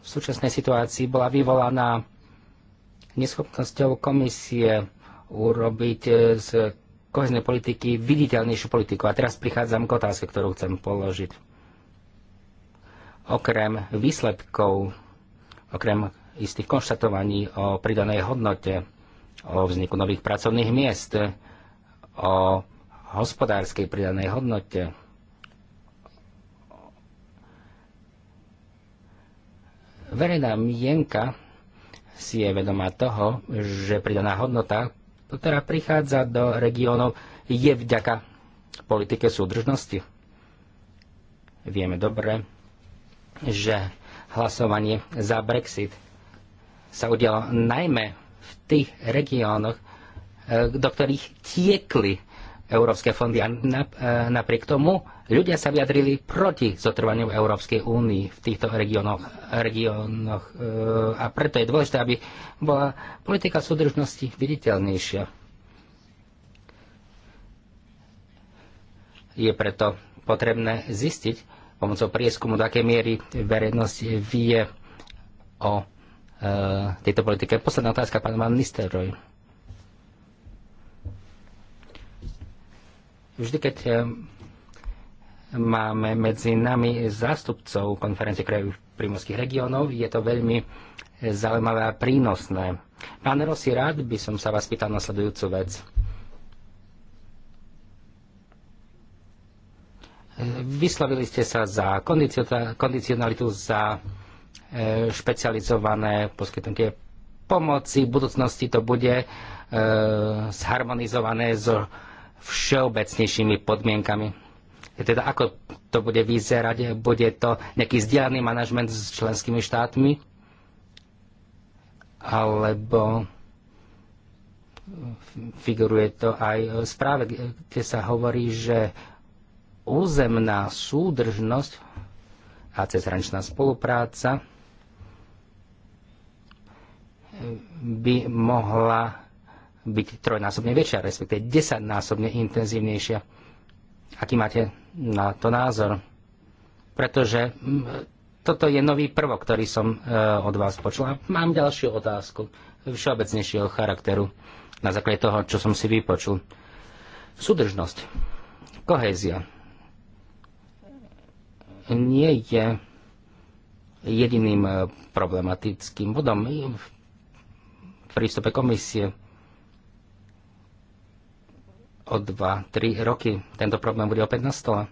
v súčasnej situácii bola vyvolaná neschopnosťou komisie urobiť e, z koheznej politiky viditeľnejšiu politiku. A teraz prichádzam k otázke, ktorú chcem položiť. Okrem výsledkov, okrem istých konštatovaní o pridanej hodnote, o vzniku nových pracovných miest, o hospodárskej pridanej hodnote, verejná mienka si je vedomá toho, že pridaná hodnota, ktorá teda prichádza do regiónov, je vďaka politike súdržnosti. Vieme dobre, že hlasovanie za Brexit sa udialo najmä v tých regiónoch, eh, do ktorých tiekli európske fondy. A eh, napriek tomu Ľudia sa vyjadrili proti zotrvaniu Európskej únii v týchto regiónoch, regiónoch e, a preto je dôležité, aby bola politika súdržnosti viditeľnejšia. Je preto potrebné zistiť pomocou prieskumu, do akej miery verejnosť vie o e, tejto politike. Posledná otázka, pán Van Vždy, keď e, Máme medzi nami zástupcov konferencie krajov primorských regiónov. Je to veľmi zaujímavé a prínosné. Pán Rossi, rád by som sa vás pýtal na sledujúcu vec. Vyslovili ste sa za kondicionalitu, za e, špecializované poskytnutie pomoci. V budúcnosti to bude e, zharmonizované so všeobecnejšími podmienkami teda ako to bude vyzerať, bude to nejaký zdieľaný manažment s členskými štátmi, alebo figuruje to aj v správe, kde sa hovorí, že územná súdržnosť a cezhraničná spolupráca by mohla byť trojnásobne väčšia, respektive desaťnásobne intenzívnejšia Aký máte na to názor? Pretože mm, toto je nový prvok, ktorý som e, od vás počul. A mám ďalšiu otázku všeobecnejšieho charakteru na základe toho, čo som si vypočul. Súdržnosť, kohézia nie je jediným e, problematickým bodom v prístupe komisie o 2-3 roky tento problém bude opäť na stole.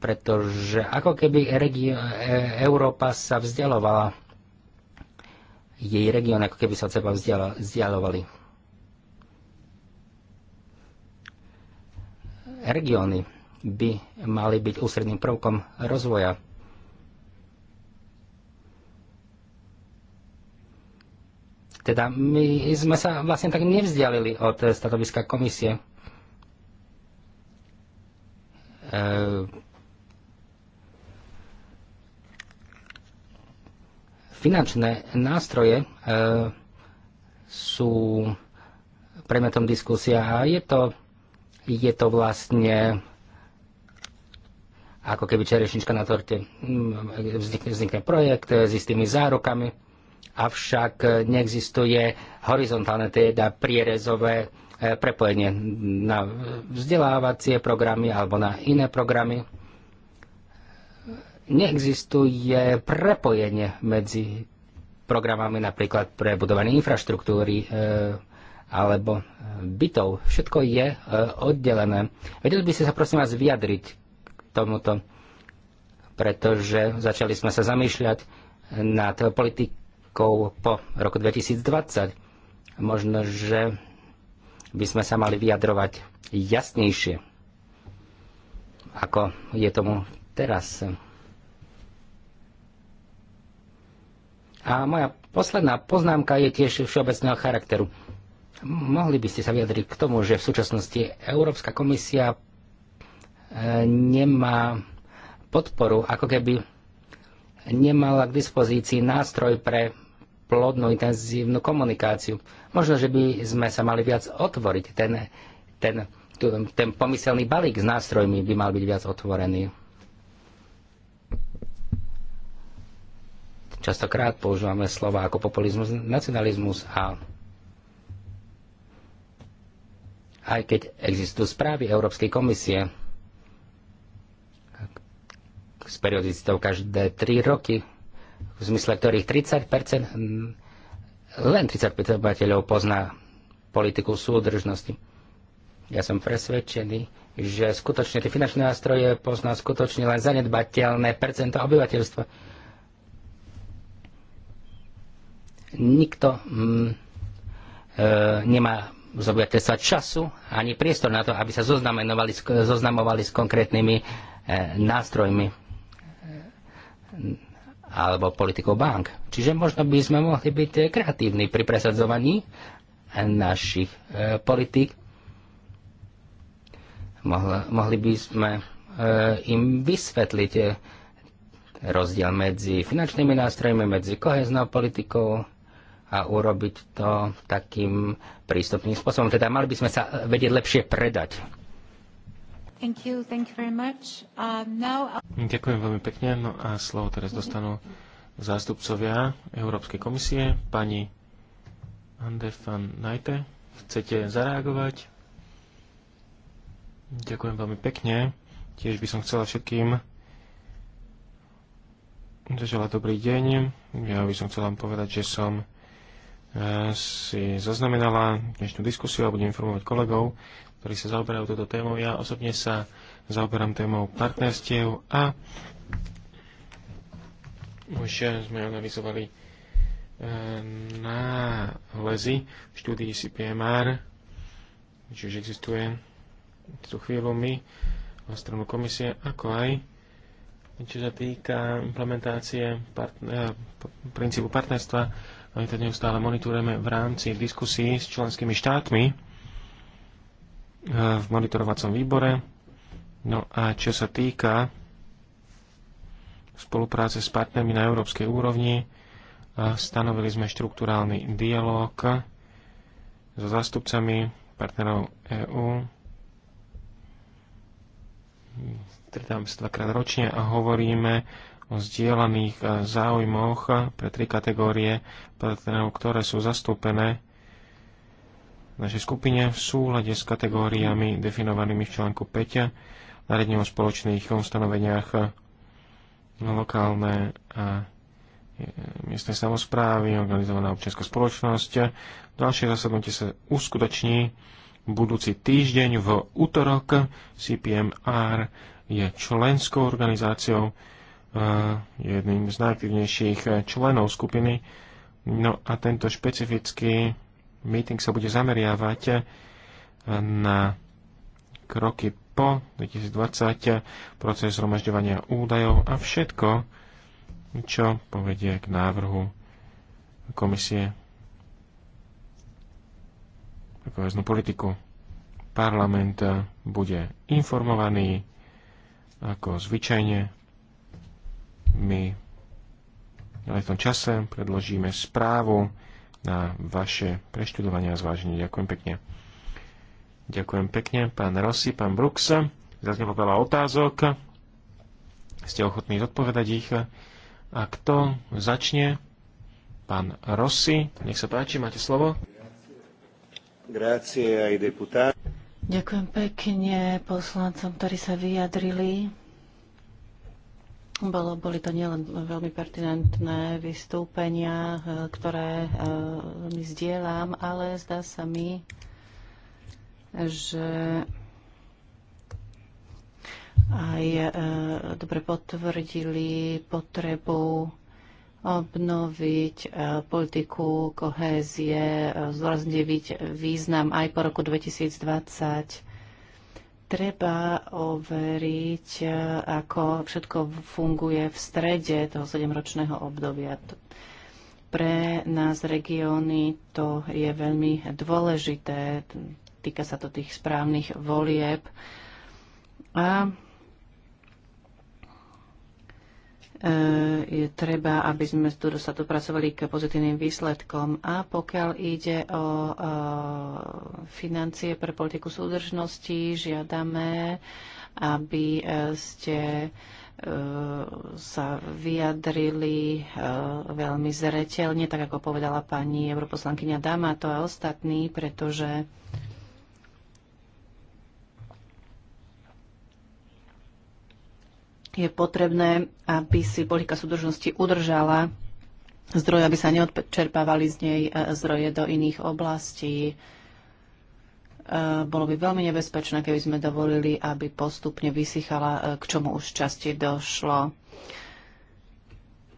Pretože ako keby regio- e- Európa sa vzdialovala, jej región ako keby sa od seba vzdialovali. Regióny by mali byť ústredným prvkom rozvoja Teda my sme sa vlastne tak nevzdialili od eh, stanoviska komisie. Eh, finančné nástroje eh, sú predmetom diskusia a je to, je to vlastne ako keby čerešnička na torte. Mm, vznikne, vznikne projekt s istými zárokami avšak e, neexistuje horizontálne, teda prierezové e, prepojenie na vzdelávacie programy alebo na iné programy. Neexistuje prepojenie medzi programami napríklad pre budovanie infraštruktúry e, alebo bytov. Všetko je oddelené. Vedeli by ste sa prosím vás vyjadriť k tomuto, pretože začali sme sa zamýšľať nad politikou rokov po roku 2020. Možno, že by sme sa mali vyjadrovať jasnejšie, ako je tomu teraz. A moja posledná poznámka je tiež všeobecného charakteru. Mohli by ste sa vyjadriť k tomu, že v súčasnosti Európska komisia e, nemá podporu, ako keby nemala k dispozícii nástroj pre plodnú, intenzívnu komunikáciu. Možno, že by sme sa mali viac otvoriť. Ten, ten, ten pomyselný balík s nástrojmi by mal byť viac otvorený. Častokrát používame slova ako populizmus, nacionalizmus a aj keď existujú správy Európskej komisie s periodicitou každé tri roky, v zmysle ktorých 30 mm, len 35 obyvateľov pozná politiku súdržnosti. Ja som presvedčený, že skutočne tie finančné nástroje pozná skutočne len zanedbateľné percento obyvateľstva. Nikto mm, e, nemá z obyvateľstva času ani priestor na to, aby sa zoznamovali, zoznamovali s konkrétnymi e, nástrojmi alebo politikou bank. Čiže možno by sme mohli byť eh, kreatívni pri presadzovaní našich e, politík. mohli by sme e, im vysvetliť e, rozdiel medzi finančnými nástrojmi, medzi koheznou politikou a urobiť to takým prístupným spôsobom. Teda mali by sme sa vedieť lepšie predať. Thank you, thank you very much. Um, Ďakujem veľmi pekne. No a slovo teraz dostanú zástupcovia Európskej komisie. Pani Ander van Najte, chcete zareagovať? Ďakujem veľmi pekne. Tiež by som chcela všetkým zaželať dobrý deň. Ja by som chcela vám povedať, že som eh, si zaznamenala dnešnú diskusiu a budem informovať kolegov ktorí sa zaoberajú túto tému. Ja osobne sa zaoberám témou partnerstiev a už sme analyzovali e, nálezy v štúdii CPMR, či už existuje tú chvíľu my na stranu komisie, ako aj čo sa týka implementácie part, e, princípu partnerstva, my to neustále monitorujeme v rámci diskusí s členskými štátmi, E, v monitorovacom výbore. No a čo sa týka spolupráce s partnermi na európskej úrovni, e, stanovili sme štruktúrálny dialog so zástupcami partnerov EÚ. Stretám sa dvakrát ročne a hovoríme o zdieľaných e, záujmoch pre tri kategórie partnerov, ktoré sú zastúpené v našej skupine v súlade s kategóriami definovanými v článku 5 nariadenia o spoločných ustanoveniach lokálne a e, miestne samozprávy, organizovaná občianská spoločnosť. Ďalšie zasadnutie sa uskutoční budúci týždeň v útorok. CPMR je členskou organizáciou, je jedným z najaktívnejších členov skupiny. No a tento špecifický meeting sa bude zameriavať eh, na kroky po 2020, proces zhromažďovania údajov a všetko, čo povedie k návrhu komisie pre politiku. Parlament eh, bude informovaný ako zvyčajne. My v tom čase predložíme správu na vaše preštudovanie a zváženie. Ďakujem pekne. Ďakujem pekne, pán Rossi, pán Brooks. Zaznelo veľa otázok. Ste ochotní zodpovedať ich. A kto začne? Pán Rossi, nech sa páči, máte slovo. Grácie aj deputát. Ďakujem pekne poslancom, ktorí sa vyjadrili. Bolo, boli to nielen veľmi pertinentné vystúpenia, e, ktoré e, mi zdieľam, ale zdá sa mi, že aj e, dobre potvrdili potrebu obnoviť politiku kohézie, zdôrazniť význam aj po roku 2020 treba overiť, e, ako všetko funguje v strede toho 7-ročného obdobia. Pre nás regióny to je veľmi dôležité, týka sa to tých správnych volieb. A E, je treba, aby sme tu sa dopracovali k pozitívnym výsledkom. A pokiaľ ide o e, financie pre politiku súdržnosti, žiadame, aby e, ste sa vyjadrili veľmi zreteľne, tak ako povedala pani europoslankyňa Damato a ostatní, pretože je potrebné, aby si politika súdržnosti udržala zdroje, aby sa neodčerpávali z nej e, zdroje do iných oblastí. E, bolo by veľmi nebezpečné, keby sme dovolili, aby postupne vysychala, e, k čomu už časti došlo.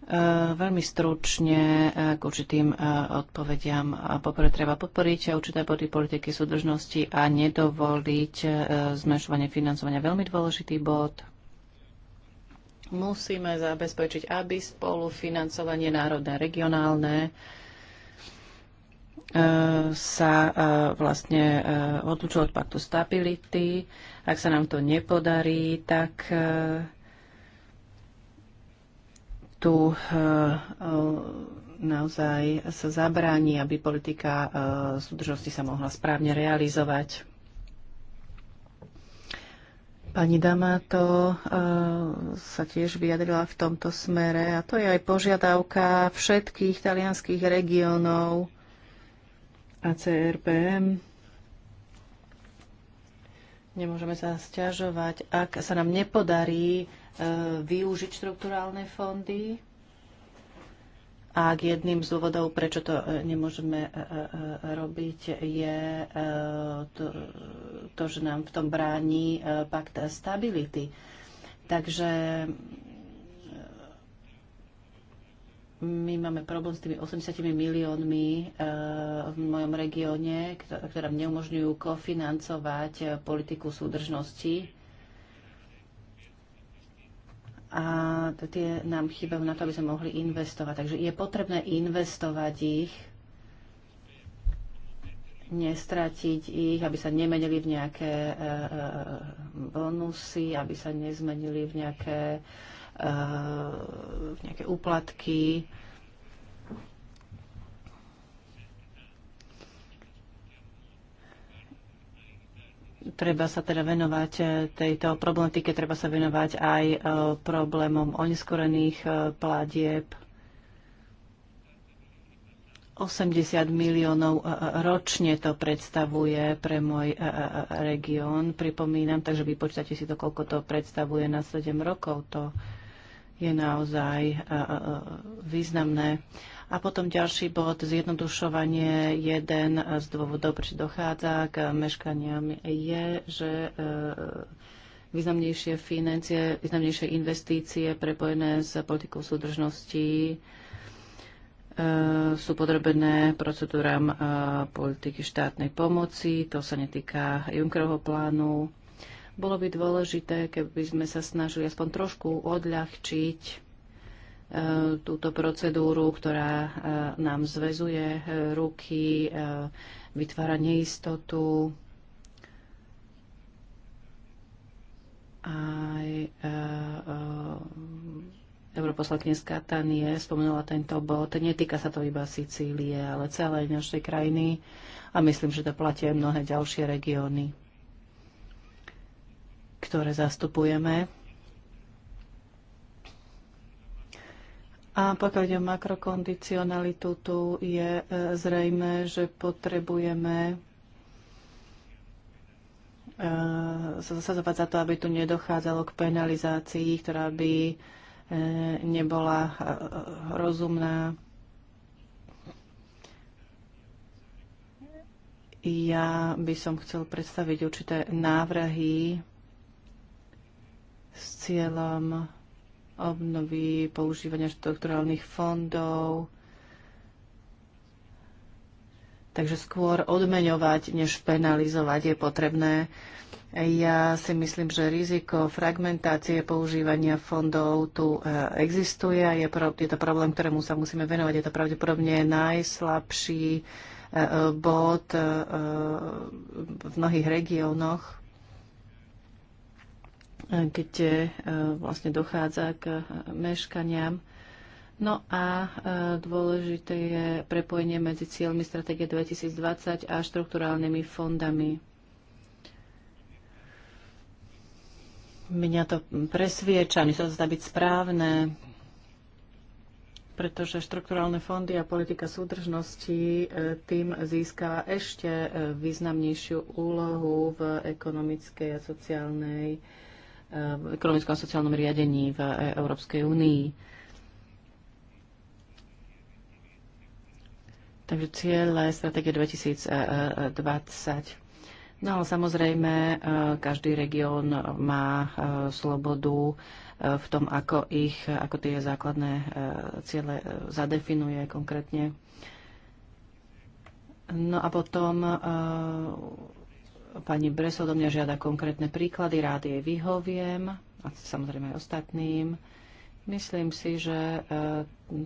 Veľmi stručne k určitým odpovediam. Poprvé treba podporiť určité body politiky súdržnosti a nedovoliť zmenšovanie financovania. Veľmi dôležitý bod. Musíme zabezpečiť, aby spolufinancovanie národné, regionálne e, sa e, vlastne e, odlučilo od paktu stability. Ak sa nám to nepodarí, tak tu naozaj sa zabráni, aby politika súdržnosti sa mohla správne realizovať. Pani Damato eh, sa tiež vyjadrila v tomto smere a to je aj požiadavka všetkých talianských regiónov a CRPM. Nemôžeme sa stiažovať, ak sa nám nepodarí eh, využiť štruktúrálne fondy a k jedným z dôvodov, prečo to e, nemôžeme e, e, robiť, je to, to že nám v tom bráni pakt stability. Takže my máme problém s tými 80 miliónmi v mojom regióne, ktoré nám neumožňujú kofinancovať politiku súdržnosti a tie nám chýbajú na to, aby sme mohli investovať. Takže je potrebné investovať ich, nestratiť ich, aby sa nemenili v nejaké e, e bonusy, aby sa nezmenili v nejaké, e, v nejaké úplatky. E, treba sa teda venovať e, tejto problematike, treba sa venovať aj e, problémom oneskorených e, pladieb. 80 miliónov ročne to predstavuje pre môj región, pripomínam, takže vypočítate si to, koľko to predstavuje na 7 rokov. To je naozaj významné. A potom ďalší bod, zjednodušovanie. Jeden z dôvodov, prečo dochádza k meškaniam, je, že e, významnejšie financie, významnejšie investície prepojené s politikou súdržnosti e, sú podrobené procedúram e, politiky štátnej pomoci. To sa netýka Junckerovho plánu. Bolo by dôležité, keby sme sa snažili aspoň trošku odľahčiť E, túto procedúru, ktorá e, nám zväzuje e, ruky, vytvára neistotu aj europoslankyne z Katanie spomenula tento bod. Netýka sa to iba Sicílie, ale celej našej krajiny a myslím, že to platia aj mnohé ďalšie regióny, ktoré zastupujeme. A pokiaľ ide o makrokondicionalitu, tu je e, zrejme, že potrebujeme e, sa zasadzovať za to, aby tu nedochádzalo k penalizácii, ktorá by e, nebola rozumná. Ja by som chcel predstaviť určité návrhy s cieľom obnovy, používania štrukturálnych fondov. Takže skôr odmeňovať, než penalizovať je potrebné. Ja si myslím, že riziko fragmentácie používania fondov tu e, existuje. Je, je to problém, ktorému sa musíme venovať. Je to pravdepodobne najslabší e, e, bod v mnohých regiónoch keď e, vlastne dochádza k e, meškaniam. No a e, dôležité je prepojenie medzi cieľmi stratégie 2020 a štruktúrálnymi fondami. Mňa to presvieča, mi sa to zdá byť správne, pretože štrukturálne fondy a politika súdržnosti tým získava ešte významnejšiu úlohu v ekonomickej a sociálnej v ekonomickom a sociálnom riadení v Európskej únii. Takže ciele stratégie 2020. No ale samozrejme, e, každý región má e, slobodu e, v tom, ako ich, ako tie základné ciele zadefinuje konkrétne. No a potom Pani Breso do mňa žiada konkrétne príklady, rád jej vyhoviem a samozrejme aj ostatným. Myslím si, že e,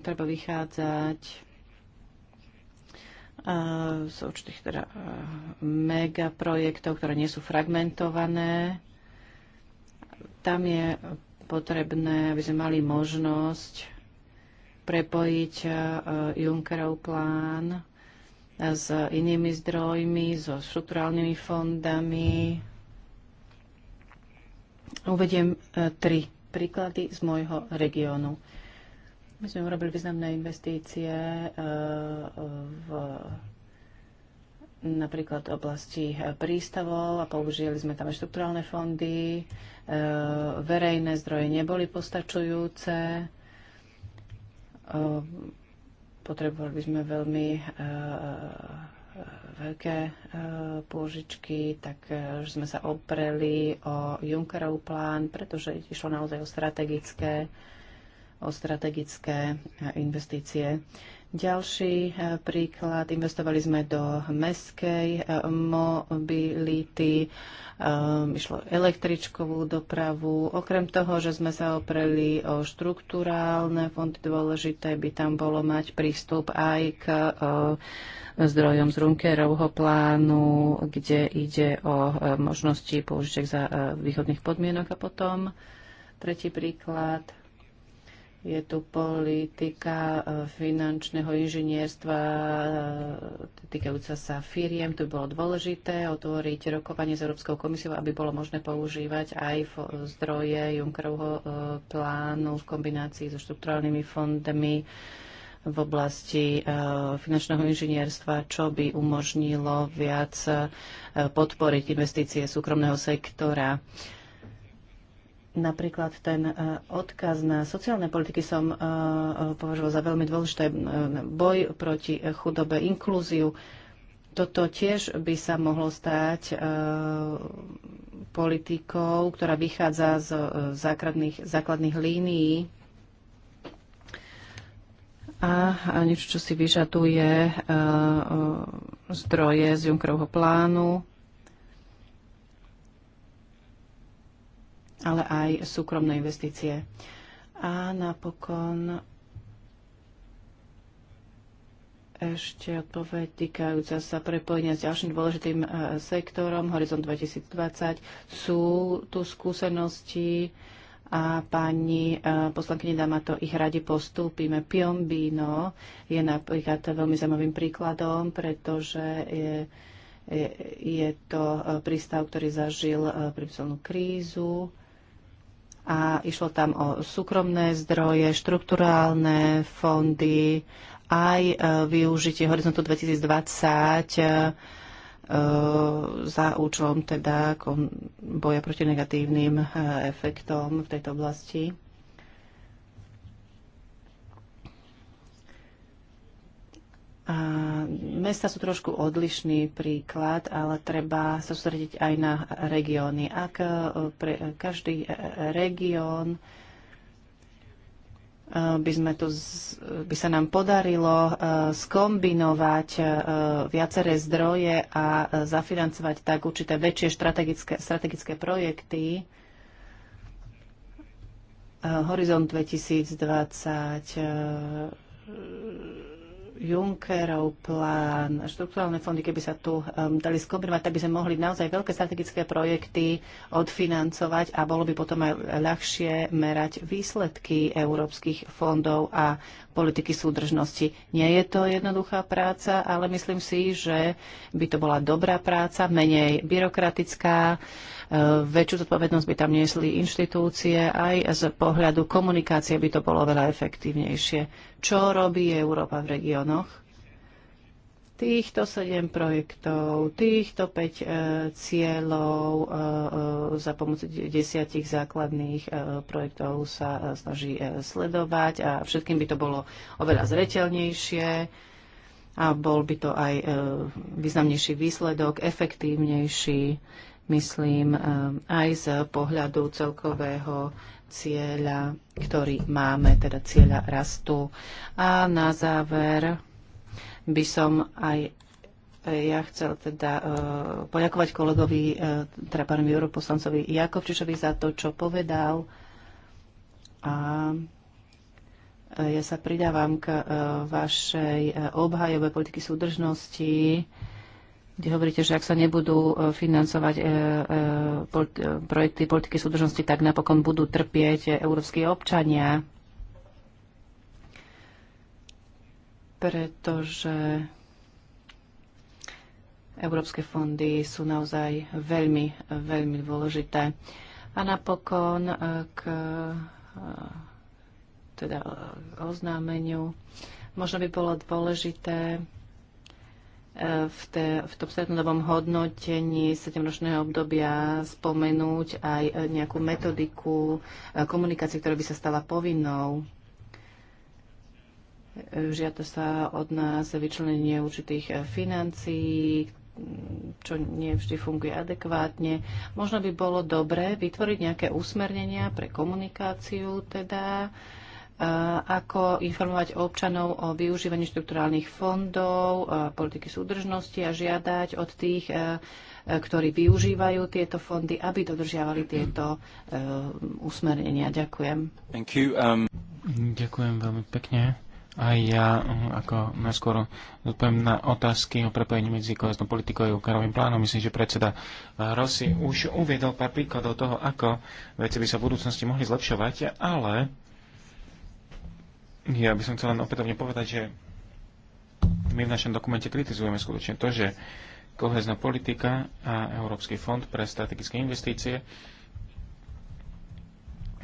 treba vychádzať e, z určitých teda, e, megaprojektov, ktoré nie sú fragmentované. Tam je potrebné, aby sme mali možnosť prepojiť e, Junckerov plán s inými zdrojmi, so štruktúrálnymi fondami. Uvediem e, tri príklady z môjho regiónu. My sme urobili významné investície e, v napríklad oblasti e, prístavov a použili sme tam aj štruktúrálne fondy. Verejné zdroje neboli postačujúce Potrebovali by sme veľmi eh, eh, veľké eh, pôžičky, tak že sme sa opreli o Junckerov plán, pretože išlo naozaj o strategické, o strategické investície. Ďalší e, príklad, investovali sme do meskej e, mobility, e, išlo električkovú dopravu. Okrem toho, že sme sa opreli o štruktúrálne fondy, dôležité by tam bolo mať prístup aj k zdrojom z Runkerovho plánu, kde ide o možnosti použitek za výhodných podmienok. A potom tretí príklad – je tu politika eh, finančného inžinierstva eh, týkajúca sa firiem. To by bolo dôležité otvoriť rokovanie s Európskou komisiou, aby bolo možné používať aj zdroje Junckerovho eh, plánu v kombinácii so štrukturálnymi fondami v oblasti finančného inžinierstva, čo by umožnilo viac podporiť investície súkromného sektora. Napríklad ten e, odkaz na sociálne politiky som e, e, považoval za veľmi dôležité. Boj proti chudobe, inklúziu. Toto tiež by sa mohlo stať politikou, ktorá vychádza z základných, základných línií a niečo, čo si vyžaduje zdroje z Junckerovho plánu ale aj súkromné investície. A napokon ešte odpoveď týkajúca sa prepojenia s ďalším dôležitým e, sektorom, Horizont 2020. Sú tu skúsenosti a pani e, dáma to ich radi postúpime. Piombino je napríklad veľmi zaujímavým príkladom, pretože je, je, je to e, prístav, ktorý zažil priemyselnú krízu a išlo tam o súkromné zdroje, štrukturálne fondy, aj e, využitie Horizontu 2020 e, e, za účelom teda boja proti negatívnym efektom v tejto oblasti. Mesta sú trošku odlišný príklad, ale treba sa sústrediť aj na regióny. Ak e, pre e, každý e, región by, sme tu, by sa nám podarilo skombinovať viaceré zdroje a zafinancovať tak určité väčšie strategické, strategické projekty. Horizont 2020, Junckerov plán, štruktúrálne fondy, keby sa tu um, dali skombinovať, tak by sme mohli naozaj veľké strategické projekty odfinancovať a bolo by potom aj ľahšie merať výsledky európskych fondov a politiky súdržnosti. Nie je to jednoduchá práca, ale myslím si, že by to bola dobrá práca, menej byrokratická, e, väčšiu zodpovednosť by tam niesli inštitúcie, aj z pohľadu komunikácie by to bolo veľa efektívnejšie. Čo robí Európa v regiónoch? týchto 7 projektov, týchto 5 e, cieľov e, e, za pomoci 10 základných projektov sa snaží sledovať a všetkým by to bolo oveľa zreteľnejšie a bol by to aj významnejší výsledok, efektívnejší, myslím, aj z pohľadu celkového cieľa, ktorý máme, teda cieľa rastu. A na záver by som aj ja chcel teda uh, poďakovať kolegovi, uh, teda pánovi europoslancovi Jakovčišovi za to, čo povedal. A e, ja sa pridávam k uh, vašej obhajobe politiky súdržnosti, kde hovoríte, že ak sa nebudú financovať politi projekty politiky súdržnosti, tak napokon budú trpieť európsky občania. pretože európske fondy sú naozaj veľmi, veľmi dôležité. A napokon eh, k eh, teda eh, oznámeniu. Možno by bolo dôležité v, te, v tom strednodobom hodnotení 7-ročného obdobia spomenúť aj nejakú metodiku komunikácie, ktorá by sa stala povinnou Žiada sa od nás vyčlenenie určitých eh, financií, čo nie vždy funguje adekvátne. Možno by bolo dobré vytvoriť nejaké usmernenia pre komunikáciu, teda eh, ako informovať občanov o využívaní štrukturálnych fondov, eh, politiky súdržnosti a žiadať od tých, ktorí využívajú tieto fondy, aby dodržiavali tieto usmernenia. Ďakujem. Um... Ďakujem veľmi pekne. Aj ja, mhm, ako najskôr odpoviem na otázky o prepojení medzi koheznou politikou a Junckerovým plánom, myslím, že predseda eh, Rossi už uviedol pár príkladov toho, ako veci by sa v budúcnosti mohli zlepšovať, ale ja by som chcel len opätovne povedať, že my v našom dokumente kritizujeme skutočne to, že kohezná politika a Európsky fond pre strategické investície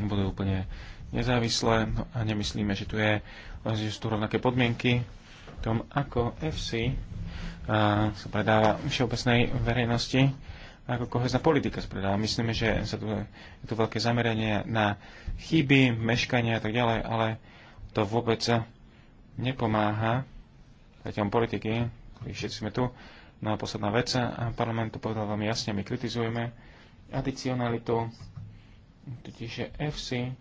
budú úplne nezávislé a nemyslíme, že tu, je, že sú tu rovnaké podmienky v tom, ako FC a, sa predáva všeobecnej verejnosti ako kohezná politika sa predáva. Myslíme, že sa tu, je tu veľké zameranie na chyby, meškania a tak ďalej, ale to vôbec nepomáha priateľom politiky, všetci sme tu. No a posledná vec, a parlament to povedal veľmi jasne, my kritizujeme adicionalitu, totiž FC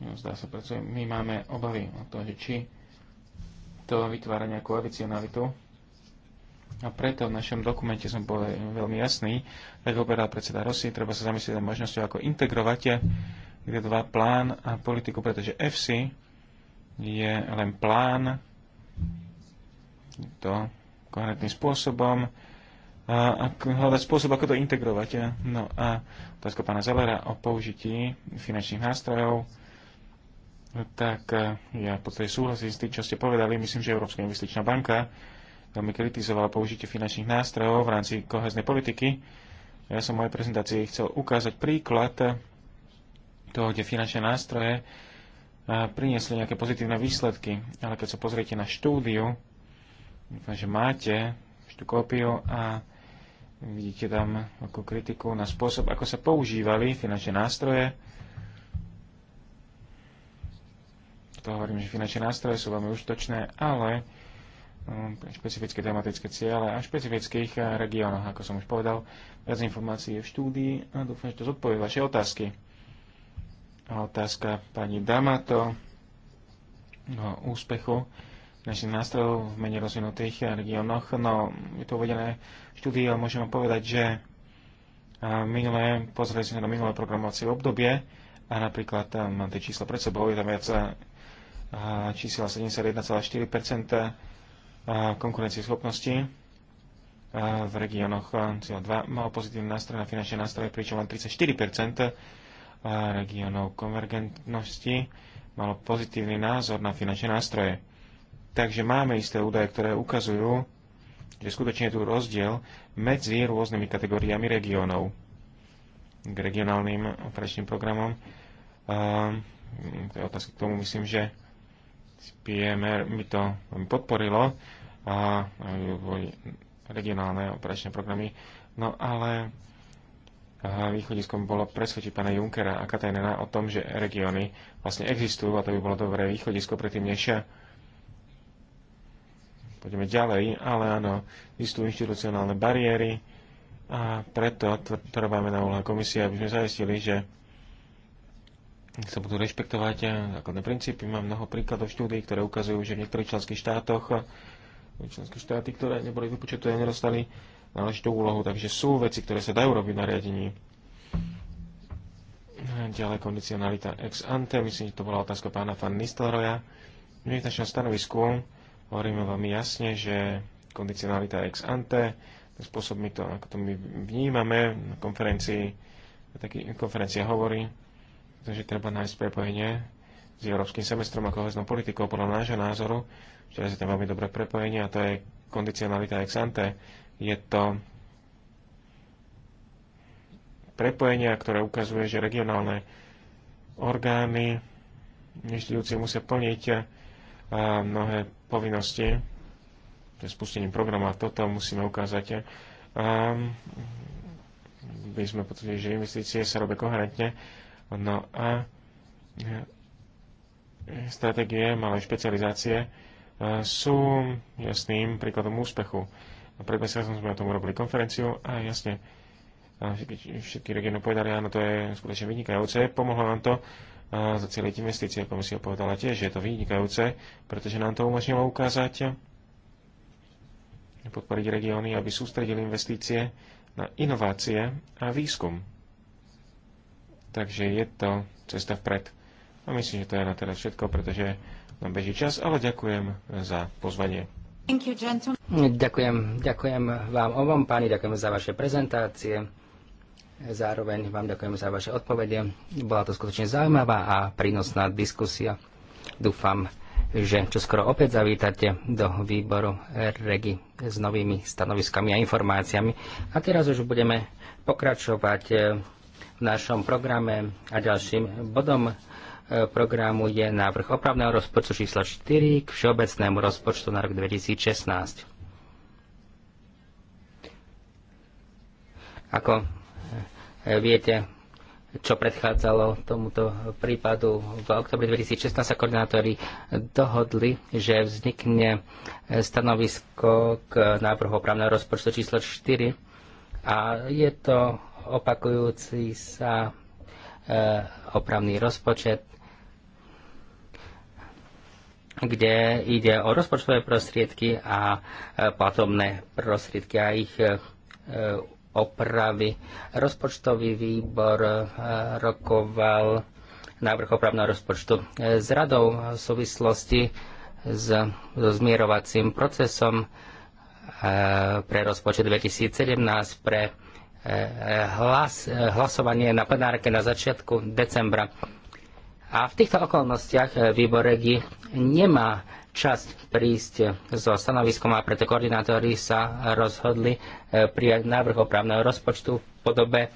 No, zdá sa, pracujem. my máme obavy o to, že či to vytvára nejakú adicionalitu. A preto v našom dokumente som bol veľmi jasný, tak oberal predseda Rosy, treba sa zamyslieť na možnosťou, ako integrovať kde dva plán a politiku, pretože FC je len plán to konkrétnym spôsobom a, a hľadať spôsob, ako to integrovať. No a otázka pána Zelera o použití finančných nástrojov tak e, ja v podstate súhlasím s tým, čo ste povedali. Myslím, že Európska investičná banka veľmi kritizovala použitie finančných nástrojov v rámci koheznej politiky. Ja som v mojej prezentácii chcel ukázať príklad toho, kde finančné nástroje e, priniesli nejaké pozitívne výsledky. Ale keď sa so pozriete na štúdiu, dúfam, že máte tú kópiu a vidíte tam ako kritiku na spôsob, ako sa používali finančné nástroje, to hovorím, že finančné nástroje sú veľmi užitočné, ale pre um, špecifické tematické ciele a špecifických eh, regiónoch, ako som už povedal. Viac informácií je v štúdii a dúfam, že to zodpovie vaše otázky. A otázka pani Damato o úspechu našich nástrojov v menej rozvinutých eh, regiónoch. No, je to uvedené v štúdii, ale môžeme povedať, že eh, minulé, pozreli sme na minulé programovacie obdobie a napríklad tam mám tie čísla pred sebou, je tam viac čísla 71,4 konkurencie schopnosti v regiónoch CO2 malo pozitívny nástroj na finančné nástroje, pričom len 34 regiónov konvergentnosti malo pozitívny názor na finančné nástroje. Takže máme isté údaje, ktoré ukazujú, že skutočne je tu rozdiel medzi rôznymi kategóriami regiónov. K regionálnym operačným programom. Uh, to je otázka k tomu, myslím, že PMR mi to podporilo a boli regionálne operačné programy. No ale východiskom bolo presvedčiť pána Junkera a Katajnena o tom, že regióny vlastne existujú a to by bolo dobré východisko tým nešia. Poďme ďalej, ale áno, existujú inštitucionálne bariéry a preto trváme na úlohe komisie, aby sme zaistili, že sa budú rešpektovať základné princípy. Mám mnoho príkladov štúdií, ktoré ukazujú, že v niektorých členských štátoch členské štáty, ktoré neboli vypočetové, nedostali náležitú úlohu. Takže sú veci, ktoré sa dajú robiť na riadení. Ďalej kondicionalita ex ante. Myslím, že to bola otázka pána Van Nistelroja. My v našom stanovisku hovoríme veľmi jasne, že kondicionalita ex ante, spôsob my to, ako to my vnímame na konferencii, taký konferencia hovorí, Takže treba nájsť prepojenie s európskym semestrom a koheznou politikou. Podľa nášho názoru, že je to veľmi dobré prepojenie a to je kondicionalita ex ante. Je to prepojenia, ktoré ukazuje, že regionálne orgány, inštitúcie musia plniť eh, mnohé povinnosti, to je spustením programu a toto musíme ukázať. A eh. ehm, by sme potvrdili, že investície sa robia koherentne No a e, stratégie malej špecializácie e, sú jasným príkladom úspechu. Pred mesiacom sme o tom urobili konferenciu a jasne všetky, regiony regióny povedali, áno, to je skutočne vynikajúce, pomohlo nám to zacieliť investície. Komisia povedala tiež, že je to vynikajúce, pretože nám to umožnilo ukázať, podporiť regióny, aby sústredili investície na inovácie a výskum. Takže je to cesta vpred. A myslím, že to je na teraz všetko, pretože nám beží čas, ale ďakujem za pozvanie. You, ďakujem, ďakujem vám obom páni, ďakujem za vaše prezentácie. Zároveň vám ďakujem za vaše odpovede. Bola to skutočne zaujímavá a prínosná diskusia. Dúfam, že čo skoro opäť zavítate do výboru REGI s novými stanoviskami a informáciami. A teraz už budeme pokračovať eh, v našom programe. A ďalším bodom e, programu je návrh opravného rozpočtu číslo 4 k všeobecnému rozpočtu na rok 2016. Ako e, viete, čo predchádzalo tomuto prípadu. V oktobri 2016 sa koordinátori dohodli, že vznikne e, stanovisko k návrhu opravného rozpočtu číslo 4 a je to opakujúci sa opravný rozpočet, kde ide o rozpočtové prostriedky a platobné prostriedky a ich opravy. Rozpočtový výbor rokoval návrh opravného rozpočtu s radou v súvislosti s, so zmierovacím procesom pre rozpočet 2017 pre E, e, hlas, e, hlasovanie na plenárke na začiatku decembra. A v týchto okolnostiach výbor regi nemá časť prísť so stanoviskom a preto koordinátori sa rozhodli prijať návrh opravného rozpočtu v podobe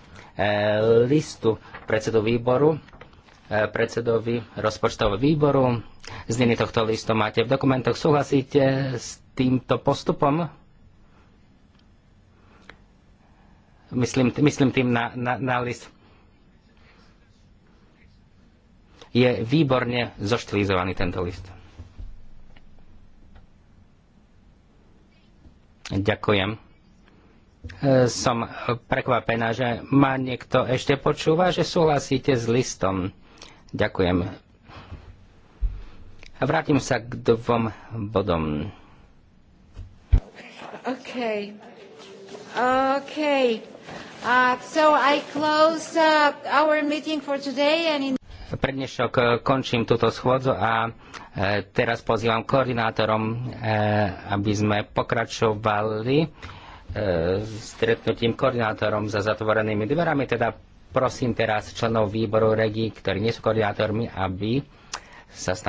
listu predsedu výboru, predsedovi rozpočtového výboru. Znenie tohto listu máte v dokumentoch. Súhlasíte s týmto postupom? myslím, myslím tým na, na, na list, je výborne zoštilizovaný tento list. Ďakujem. E, som prekvapená, že ma niekto ešte počúva, že súhlasíte s listom. Ďakujem. Vrátim sa k dvom bodom. Okay. Okay. Uh, so I close uh, our meeting for today and in... Prednešok uh, končím túto schôdzu a e, teraz pozývam koordinátorom, e, aby sme pokračovali e, stretnutím koordinátorom za zatvorenými dverami. Teda prosím teraz členov výboru regí, ktorí nie sú koordinátormi, aby sa